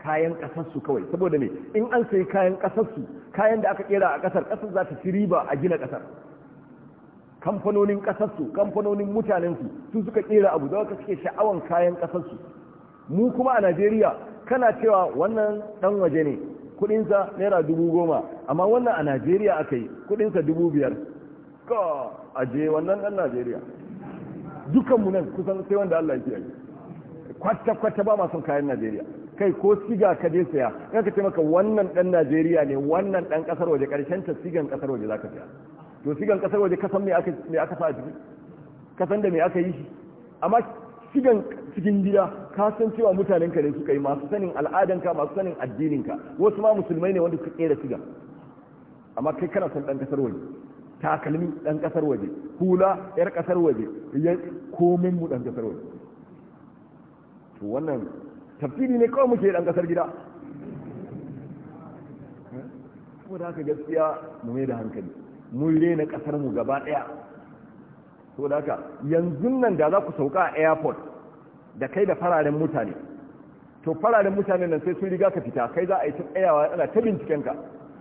kayan ƙasarsu kawai saboda me in an sayi kayan ƙasarsu kayan da aka kera a ƙasar ƙasar za ta fi riba a gina ƙasar kamfanonin ƙasarsu kamfanonin mutanensu su suka kera abu zaka suke sha'awan kayan ƙasarsu mu kuma a najeriya kana cewa wannan dan waje ne kudinsa naira dubu goma amma wannan a najeriya aka yi kudinsa dubu biyar ka aje wannan dan najeriya dukanmu nan kusan sai wanda allah ya yi kwata-kwata ba masu kayan najeriya kai ko siga ka je saya kan ka ce maka wannan dan najeriya ne wannan dan ƙasar waje karshen ta sigan ƙasar waje za ka saya to sigan kasar waje kasan me aka me aka sa a ciki kasan da me aka yi shi amma sigan cikin gida ka san cewa mutanen ka ne suka yi masu sanin al'adanka masu sanin addininka wasu ma musulmai ne wanda suka kera shiga amma kai kana son dan kasar waje takalmi dan kasar waje hula yar kasar waje komai mu dan kasar waje to wannan tafsiri ne kawai muke dan kasar gida da haka gaskiya mu mai da hankali mun rena kasar mu gaba daya to da haka yanzu nan da za ku sauka a airport da kai da fararen mutane to fararen mutane nan sai sun riga ka fita kai za a yi tsayawa ana ta binciken ka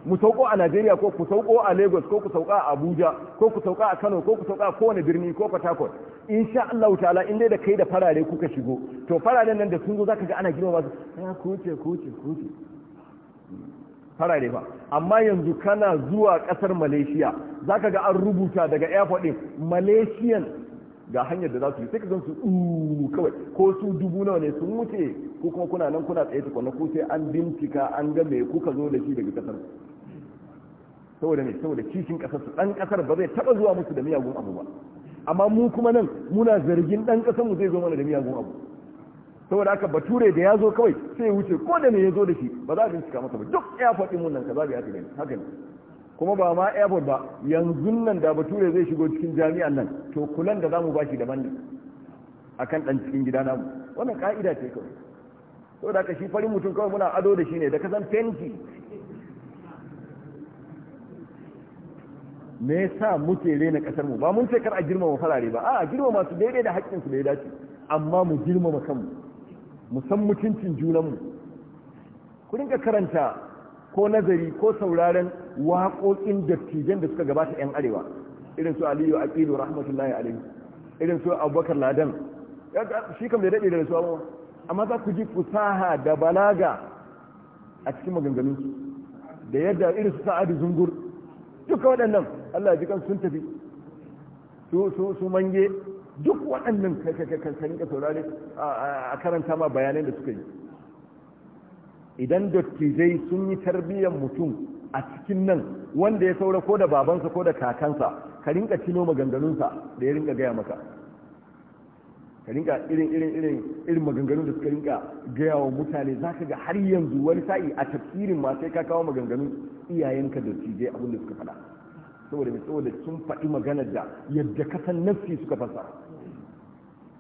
mu sauko a Najeriya ko ku sauko a Lagos ko ku sauka a Abuja ko ku sauka a Kano ko ku sauka a kowane birni ko Port Harcourt insha Allah ta'ala in dai da kai da farare kuka shigo to fararen nan da sun zo zaka ga ana girma ba su ya kuce kuce. kuce farare ba amma yanzu kana zuwa kasar malaysia za ka ga an rubuta daga airport din malaysian ga hanyar da za su yi sai ka zan su kawai ko su dubu nawa ne sun wuce ko kuma kuna nan kuna tsaye tukwanna ko sai an bincika an ga mai kuka zo da shi daga kasar saboda ne saboda kishin kasar su dan kasar ba zai taba zuwa musu da miyagun abu ba amma mu kuma nan muna zargin dan kasar mu zai zo mana da miyagun abu saboda aka bature da ya zo kawai sai wuce ko da me ya zo da shi ba za a bincika masa ba duk airport din wannan kaza bai haka gani haka ne kuma ba ma airport ba yanzu nan da bature zai shigo cikin jami'an nan to kulan da zamu bashi daban ne akan dan cikin gida namu wannan ka'ida ce kawai saboda haka shi farin mutum kawai muna ado da shi ne da kasan fenti me yasa muke rena kasar mu ba mun ce kar a girmama farare ba a girmama su daidai da haƙƙin su da ya dace amma mu girmama kanmu mu san mutuncin junanmu ku dinga karanta ko nazari ko sauraren waƙoƙin dattijan da suka gabata 'yan arewa irin su aliyu aqilu rahmatullahi alaihi irin su abubakar ladan shi kam da daɗe da rasuwa amma za ku ji fusaha da balaga a cikin maganganunsu da yadda irin su sa'adu zungur duka waɗannan allah ji kan sun tafi su mange duk waɗannan kankan ka saurari a karanta ma bayanan da suka yi idan dattijai sun yi tarbiyyar mutum a cikin nan wanda ya saura ko da babansa ko da kakansa ka rinka cino maganganunsa da ya rinka gaya maka ka rinka irin irin irin irin maganganun da suka rinka gaya wa mutane za ka ga har yanzu wani sa'i a tafsirin ma sai ka kawo maganganun iyayenka da cije abin da suka faɗa saboda mai saboda sun faɗi maganar da yadda kasan nafsi suka fasa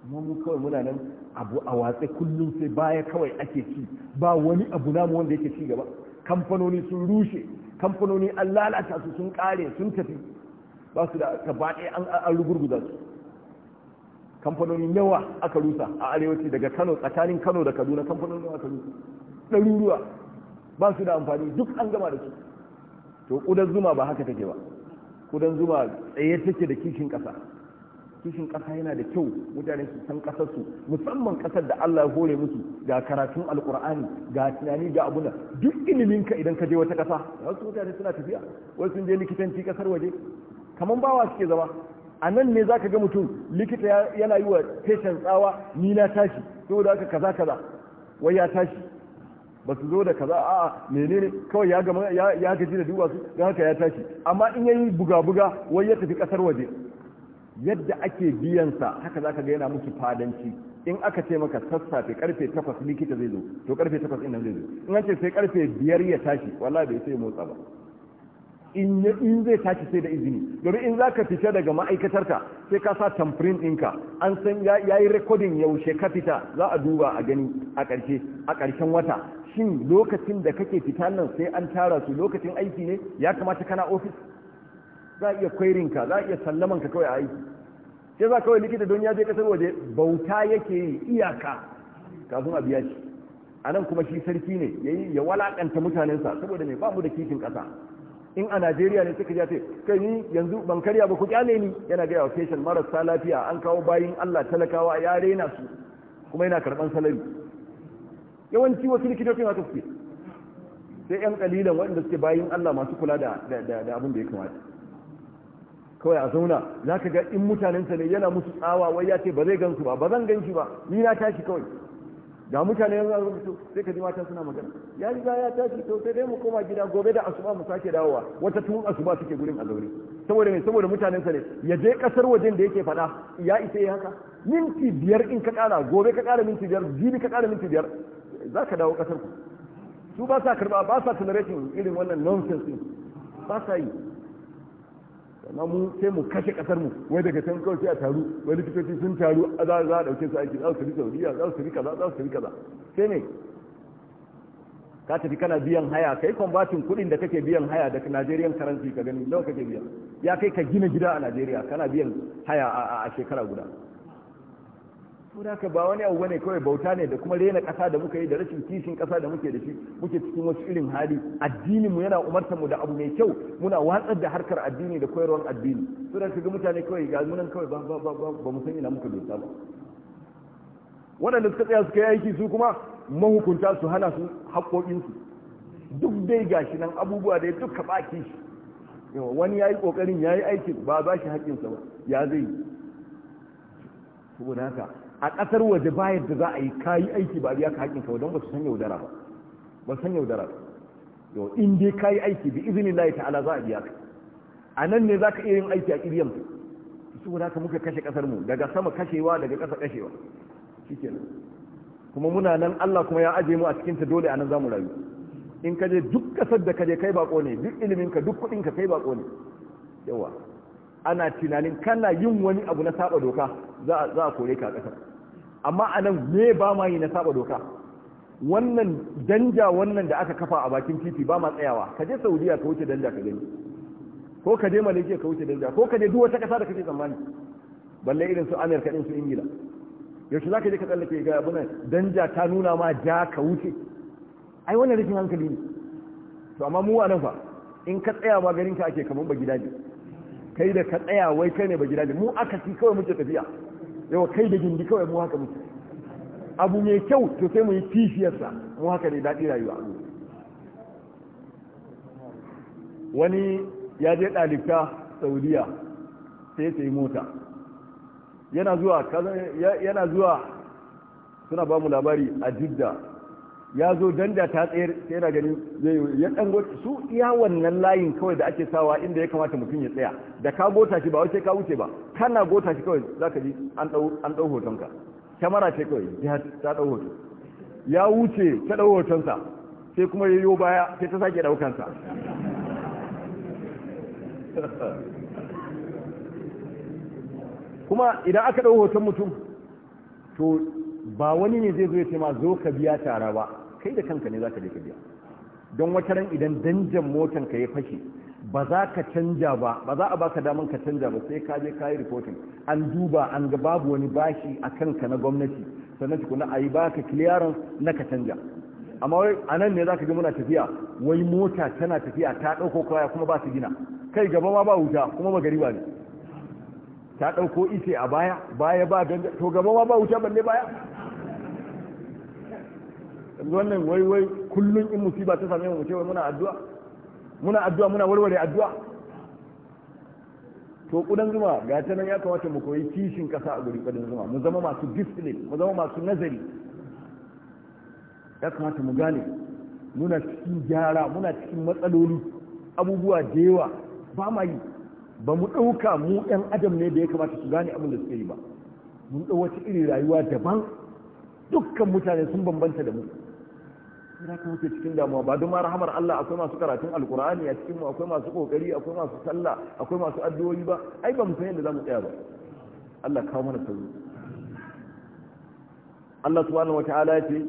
amma mu kawai muna nan abu a watsa kullum sai baya kawai ake ci ba wani abu namu wanda yake ci gaba kamfanoni sun rushe kamfanoni an lalata su sun kare sun tafi ba su da gaba an an rugurguza su kamfanoni yawa aka rusa a arewaci daga kano tsakanin kano da kaduna kamfanoni yawa aka rusa ɗaruruwa ba su da amfani duk an gama da su to ƙudan zuma ba haka take ba ƙudan zuma tsaye take da kishin ƙasa kishin ƙasa yana da kyau mutane su san ƙasarsu musamman ƙasar da Allah ya hore musu ga karatun alƙur'ani ga tunani ga abuna duk ilimin ka idan ka je wata ƙasa wasu mutane suna tafiya wasu sun je likitanci ƙasar waje kamar bawa suke zama a nan ne zaka ga mutum likita yana yi wa teshin tsawa ni na tashi saboda haka kaza kaza wai ya tashi ba su zo da kaza a'a menene kawai ya gaji da duba su don haka ya tashi amma in yayi buga buga wai ya tafi ƙasar waje yadda ake biyansa haka za ka ga yana musu fadanci in aka ce maka sassafe karfe takwas likita zai zo to karfe takwas ɗin zai zo in an ce sai karfe biyar ya tashi wala bai sai motsa ba in zai tashi sai da izini domin in za ka fita daga ma'aikatar ka sai ka sa tamfirin ɗinka an san ya yi rekodin yaushe ka fita za a duba a gani a ƙarshe a ƙarshen wata shin lokacin da kake fita nan sai an tara su lokacin aiki ne ya kamata kana ofis za a iya kwairinka za a iya sallamanka kawai a aiki sai za kawai likita don ya je kasar waje bauta yake yi iyaka kafin a biya shi a nan kuma shi sarki ne ya yi ya walakanta mutanensa saboda mai bamu da kifin kasa in a najeriya ne suka jafe kai ni yanzu ban karya ba ku kyale ni yana gaya wa feshin marasa lafiya an kawo bayin allah talakawa ya rena su kuma yana karɓan salari yawanci wasu likitocin haka suke sai yan kalilan waɗanda suke bayin allah masu kula da abin da ya kamata kawai a zauna za ka ga in mutanensa ne yana musu tsawa wai ya ce ba zai gansu ba ba zan gan shi ba ni na tashi kawai ga mutane yanzu a rubutu sai ka ji mata suna magana ya riga ya tashi to sai dai mu koma gida gobe da asuba mu sake dawowa wata tun asuba suke gurin a zaure saboda me saboda mutanen sa ne ya je kasar wajen da yake fada ya isa yi haka minti biyar in ka kara gobe ka kara minti biyar jibi ka kara minti biyar za ka dawo kasar ku su ba sa karba ba sa tolerating irin wannan nonsense ba sa yi sannan mu sai mu kashe kasar mu wai daga can kawai sai a taru wai likitoci sun taru za a dauke su aiki za su tafi saudiya za su tafi kaza za su tafi kaza sai ne ka tafi kana biyan haya kai kwambatin kudin da kake biyan haya da Nigerian currency ka gani nawa kake biya ya kai ka gina gida a Najeriya kana biyan haya a shekara guda ka ba wani abu bane kawai bauta ne da kuma rena kasa da muka yi da rashin kishin kasa da muke da shi muke cikin wasu irin hali addini mu yana umartar mu da abu mai kyau muna watsar da harkar addini da koyarwar addini saboda ga mutane kawai ga nan kawai ba ba ba ba mu san ina muka dosa ba waɗanda suka tsaya suka yi aiki su kuma mahukunta su hana su haƙoƙinsu duk dai gashi nan abubuwa da duk ka baki shi wani yayi kokarin yayi aikin ba ba shi haƙƙinsa ba ya zai saboda haka a ƙasar waje ba da za a yi kayi aiki ba biya ka haƙin ka don ba su san yaudara ba ba san yaudara ba yau in dai kayi aiki bi izinin layi ta'ala za a biya ka a nan ne za ka iya yin aiki a ƙiryan su saboda ka muka kashe ƙasar mu daga sama kashewa daga ƙasa kashewa shikenan kuma muna nan Allah kuma ya aje mu a cikinta dole a nan za mu rayu in ka je duk ƙasar da ka je kai bako ne duk ilimin ka duk kuɗin ka kai bako ne yawa ana tunanin kana yin wani abu na saba doka za a kore ka a ƙasar amma a nan me ba ma yi na saba doka wannan danja wannan da aka kafa a bakin titi ba ma tsayawa ka je saudiya ka wuce danja ka gani ko ka je malaysia ka wuce danja ko ka je duk wata kasa da kake tsammani balle irin su amerika din su ingila yaushe za ka je ka tsallake ga abin danja ta nuna ma ja ka wuce ai wannan rikin hankali ne to amma mu a nan fa in ka tsaya ma garin ka ake kaman ba gidaje kai da ka tsaya wai kai ne ba gidaje mu aka ci kawai muke tafiya Yau kai da gindi kawai mu haka muke abu mai kyau to sai mu yi kishiyarsa mu haka ne daɗi rayuwa wani ya je ɗalibta saudiya sai sai mota yana zuwa yana zuwa suna ba mu labari a jidda ya zo danda ta tsayar sai na gani ya dan su iya wannan layin kawai da ake sawa inda ya kamata mutum ya tsaya da ka gota shi ba wace ka wuce ba kana gota shi kawai zaka ji an dau an dau hoton ka kamera ce kawai ya ta dau hoto ya wuce ta dau hoton sa sai kuma yayyo baya sai ta sake daukan sa [LAUGHS] kuma idan aka dau hoton mutum to ba wani ne zai zo ya ce ma zo ka biya tara ba kai da kanka ne za ka je ka biya don wata ran idan danjan motan ka ya fashe ba za ka canja ba ba za a baka daman ka canja ba sai ka je yi reporting an duba an ga babu wani bashi a kanka na gwamnati sannan tukuna a yi baka clearance na ka canja amma wai a nan ne za ka ji muna tafiya wai mota tana tafiya ta ɗauko kaya kuma ba su gina kai gaba ma ba wuta kuma ba gari ba ne ta ɗauko ice a baya baya ba to gaba ma ba wuta balle baya wannan wai wai kullum in musiba ta same mu ce wai muna addu'a muna addu'a muna warware addu'a to kudan zuma ga ta nan ya kamata mu koyi kishin kasa a guri kudan zuma mu zama masu discipline mu zama masu nazari ya kamata mu gane muna cikin gyara muna cikin matsaloli abubuwa da yawa ba ma yi ba mu ɗauka mu ɗan adam ne da ya kamata su gane abin da suke yi ba mun ɗau wata irin rayuwa daban dukkan mutane sun bambanta da mu kira ka wuce cikin damuwa ba don ma rahamar Allah akwai masu karatun alkur'ani a cikin mu akwai masu kokari akwai masu sallah akwai masu addu'o'i ba ai ba mu san yadda zamu tsaya ba Allah kawo mana sauri Allah subhanahu wataala ya ce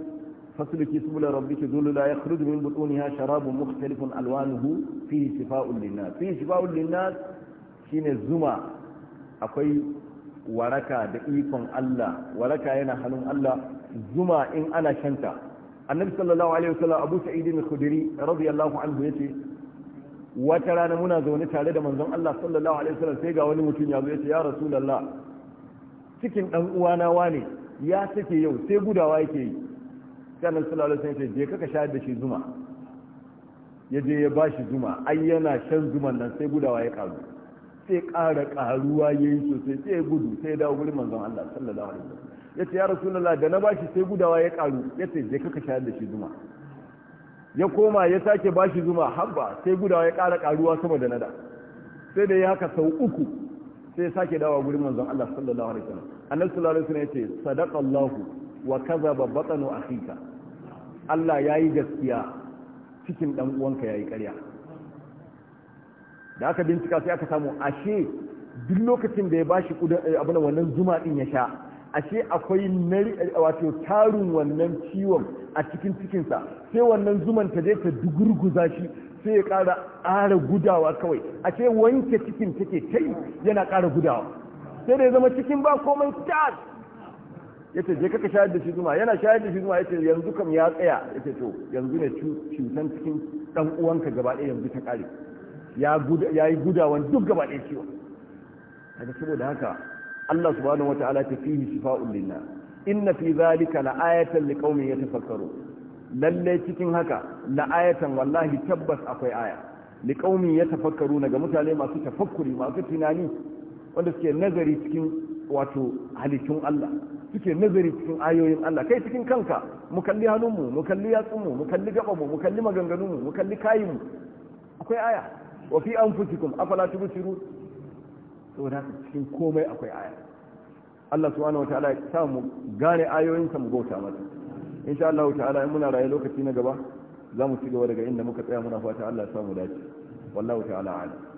fasluki subula rabbika zulula yakhruju min butuniha sharabun mukhtalifun alwanuhu fihi shifaa'un linnas fihi shifaa'un linnas shine zuma akwai waraka da ikon Allah waraka yana hannun Allah zuma in ana shanta annabi sallallahu alaihi wasallam abu sa'id bin khudri radiyallahu anhu yace wata rana muna zaune tare da manzon Allah sallallahu alaihi wasallam sai ga wani mutum ya zo yace ya rasulullah cikin dan uwana wane ya sake yau sai gudawa yake yi sai annabi sallallahu alaihi wasallam yace je ka shayar da shi zuma ya je ya bashi zuma ai yana shan zuman nan sai gudawa ya karu sai ƙara ƙaruwa ya yi sosai sai ya gudu sai ya dawo gurin manzon Allah sallallahu alaihi wasallam ya ce ya rasulullah da na bashi sai gudawa ya ƙaru ya ce je ka shayar da shi zuma ya koma ya sake bashi zuma habba sai gudawa ya ƙara ƙaruwa sama da nada sai da ya haka sau uku sai ya sake dawo gurin manzon Allah sallallahu alaihi wasallam annabi sallallahu alaihi wasallam ya ce sadaqallahu wa kadhaba batnu akhika Allah yayi gaskiya cikin dan uwanka yayi ƙarya da aka bincika sai aka samu ashe duk lokacin da ya ba bashi eh, abin wannan zuma din ya sha ashe akwai eh, wato tarin wannan ciwon a cikin cikinsa sai wannan zuman ta je ta dugurguza shi sai ya ƙara ƙara gudawa kawai ashe wanke cikin take ta'i yana ƙara gudawa sai da ya zama cikin ba komai tas ya ce je kaka shayar da shi zuma yana shayar da shi zuma ya ce yanzu kam ya tsaya ya ce to yanzu ne cutan cikin ɗan uwanka gaba ɗaya yanzu ta ƙare ya yi gudawan duk gaba ɗaya ciwon daga saboda haka Allah subhanahu wata'ala ta fihi shifa'un lillah inna fi zalika la'ayatan liqaumin yatafakkaru lalle cikin haka la'ayatan wallahi tabbas akwai aya ya yatafakkaru daga mutane masu tafakkuri masu tunani wanda suke nazari cikin wato halittun Allah suke nazari cikin ayoyin Allah kai cikin kanka mu kalli hannunmu mu kalli yatsun mu kalli gaba mu kalli maganganun mu kalli mu akwai aya wa fi anfusikum afala tubsirun saboda cikin komai akwai aya Allah subhanahu wataala ya sa mu gane ayoyin sa mu bauta masa insha Allah ta'ala in muna raye lokaci na gaba za mu ci gaba daga inda muka tsaya muna fata Allah ya sa mu dace wallahu ta'ala a'lam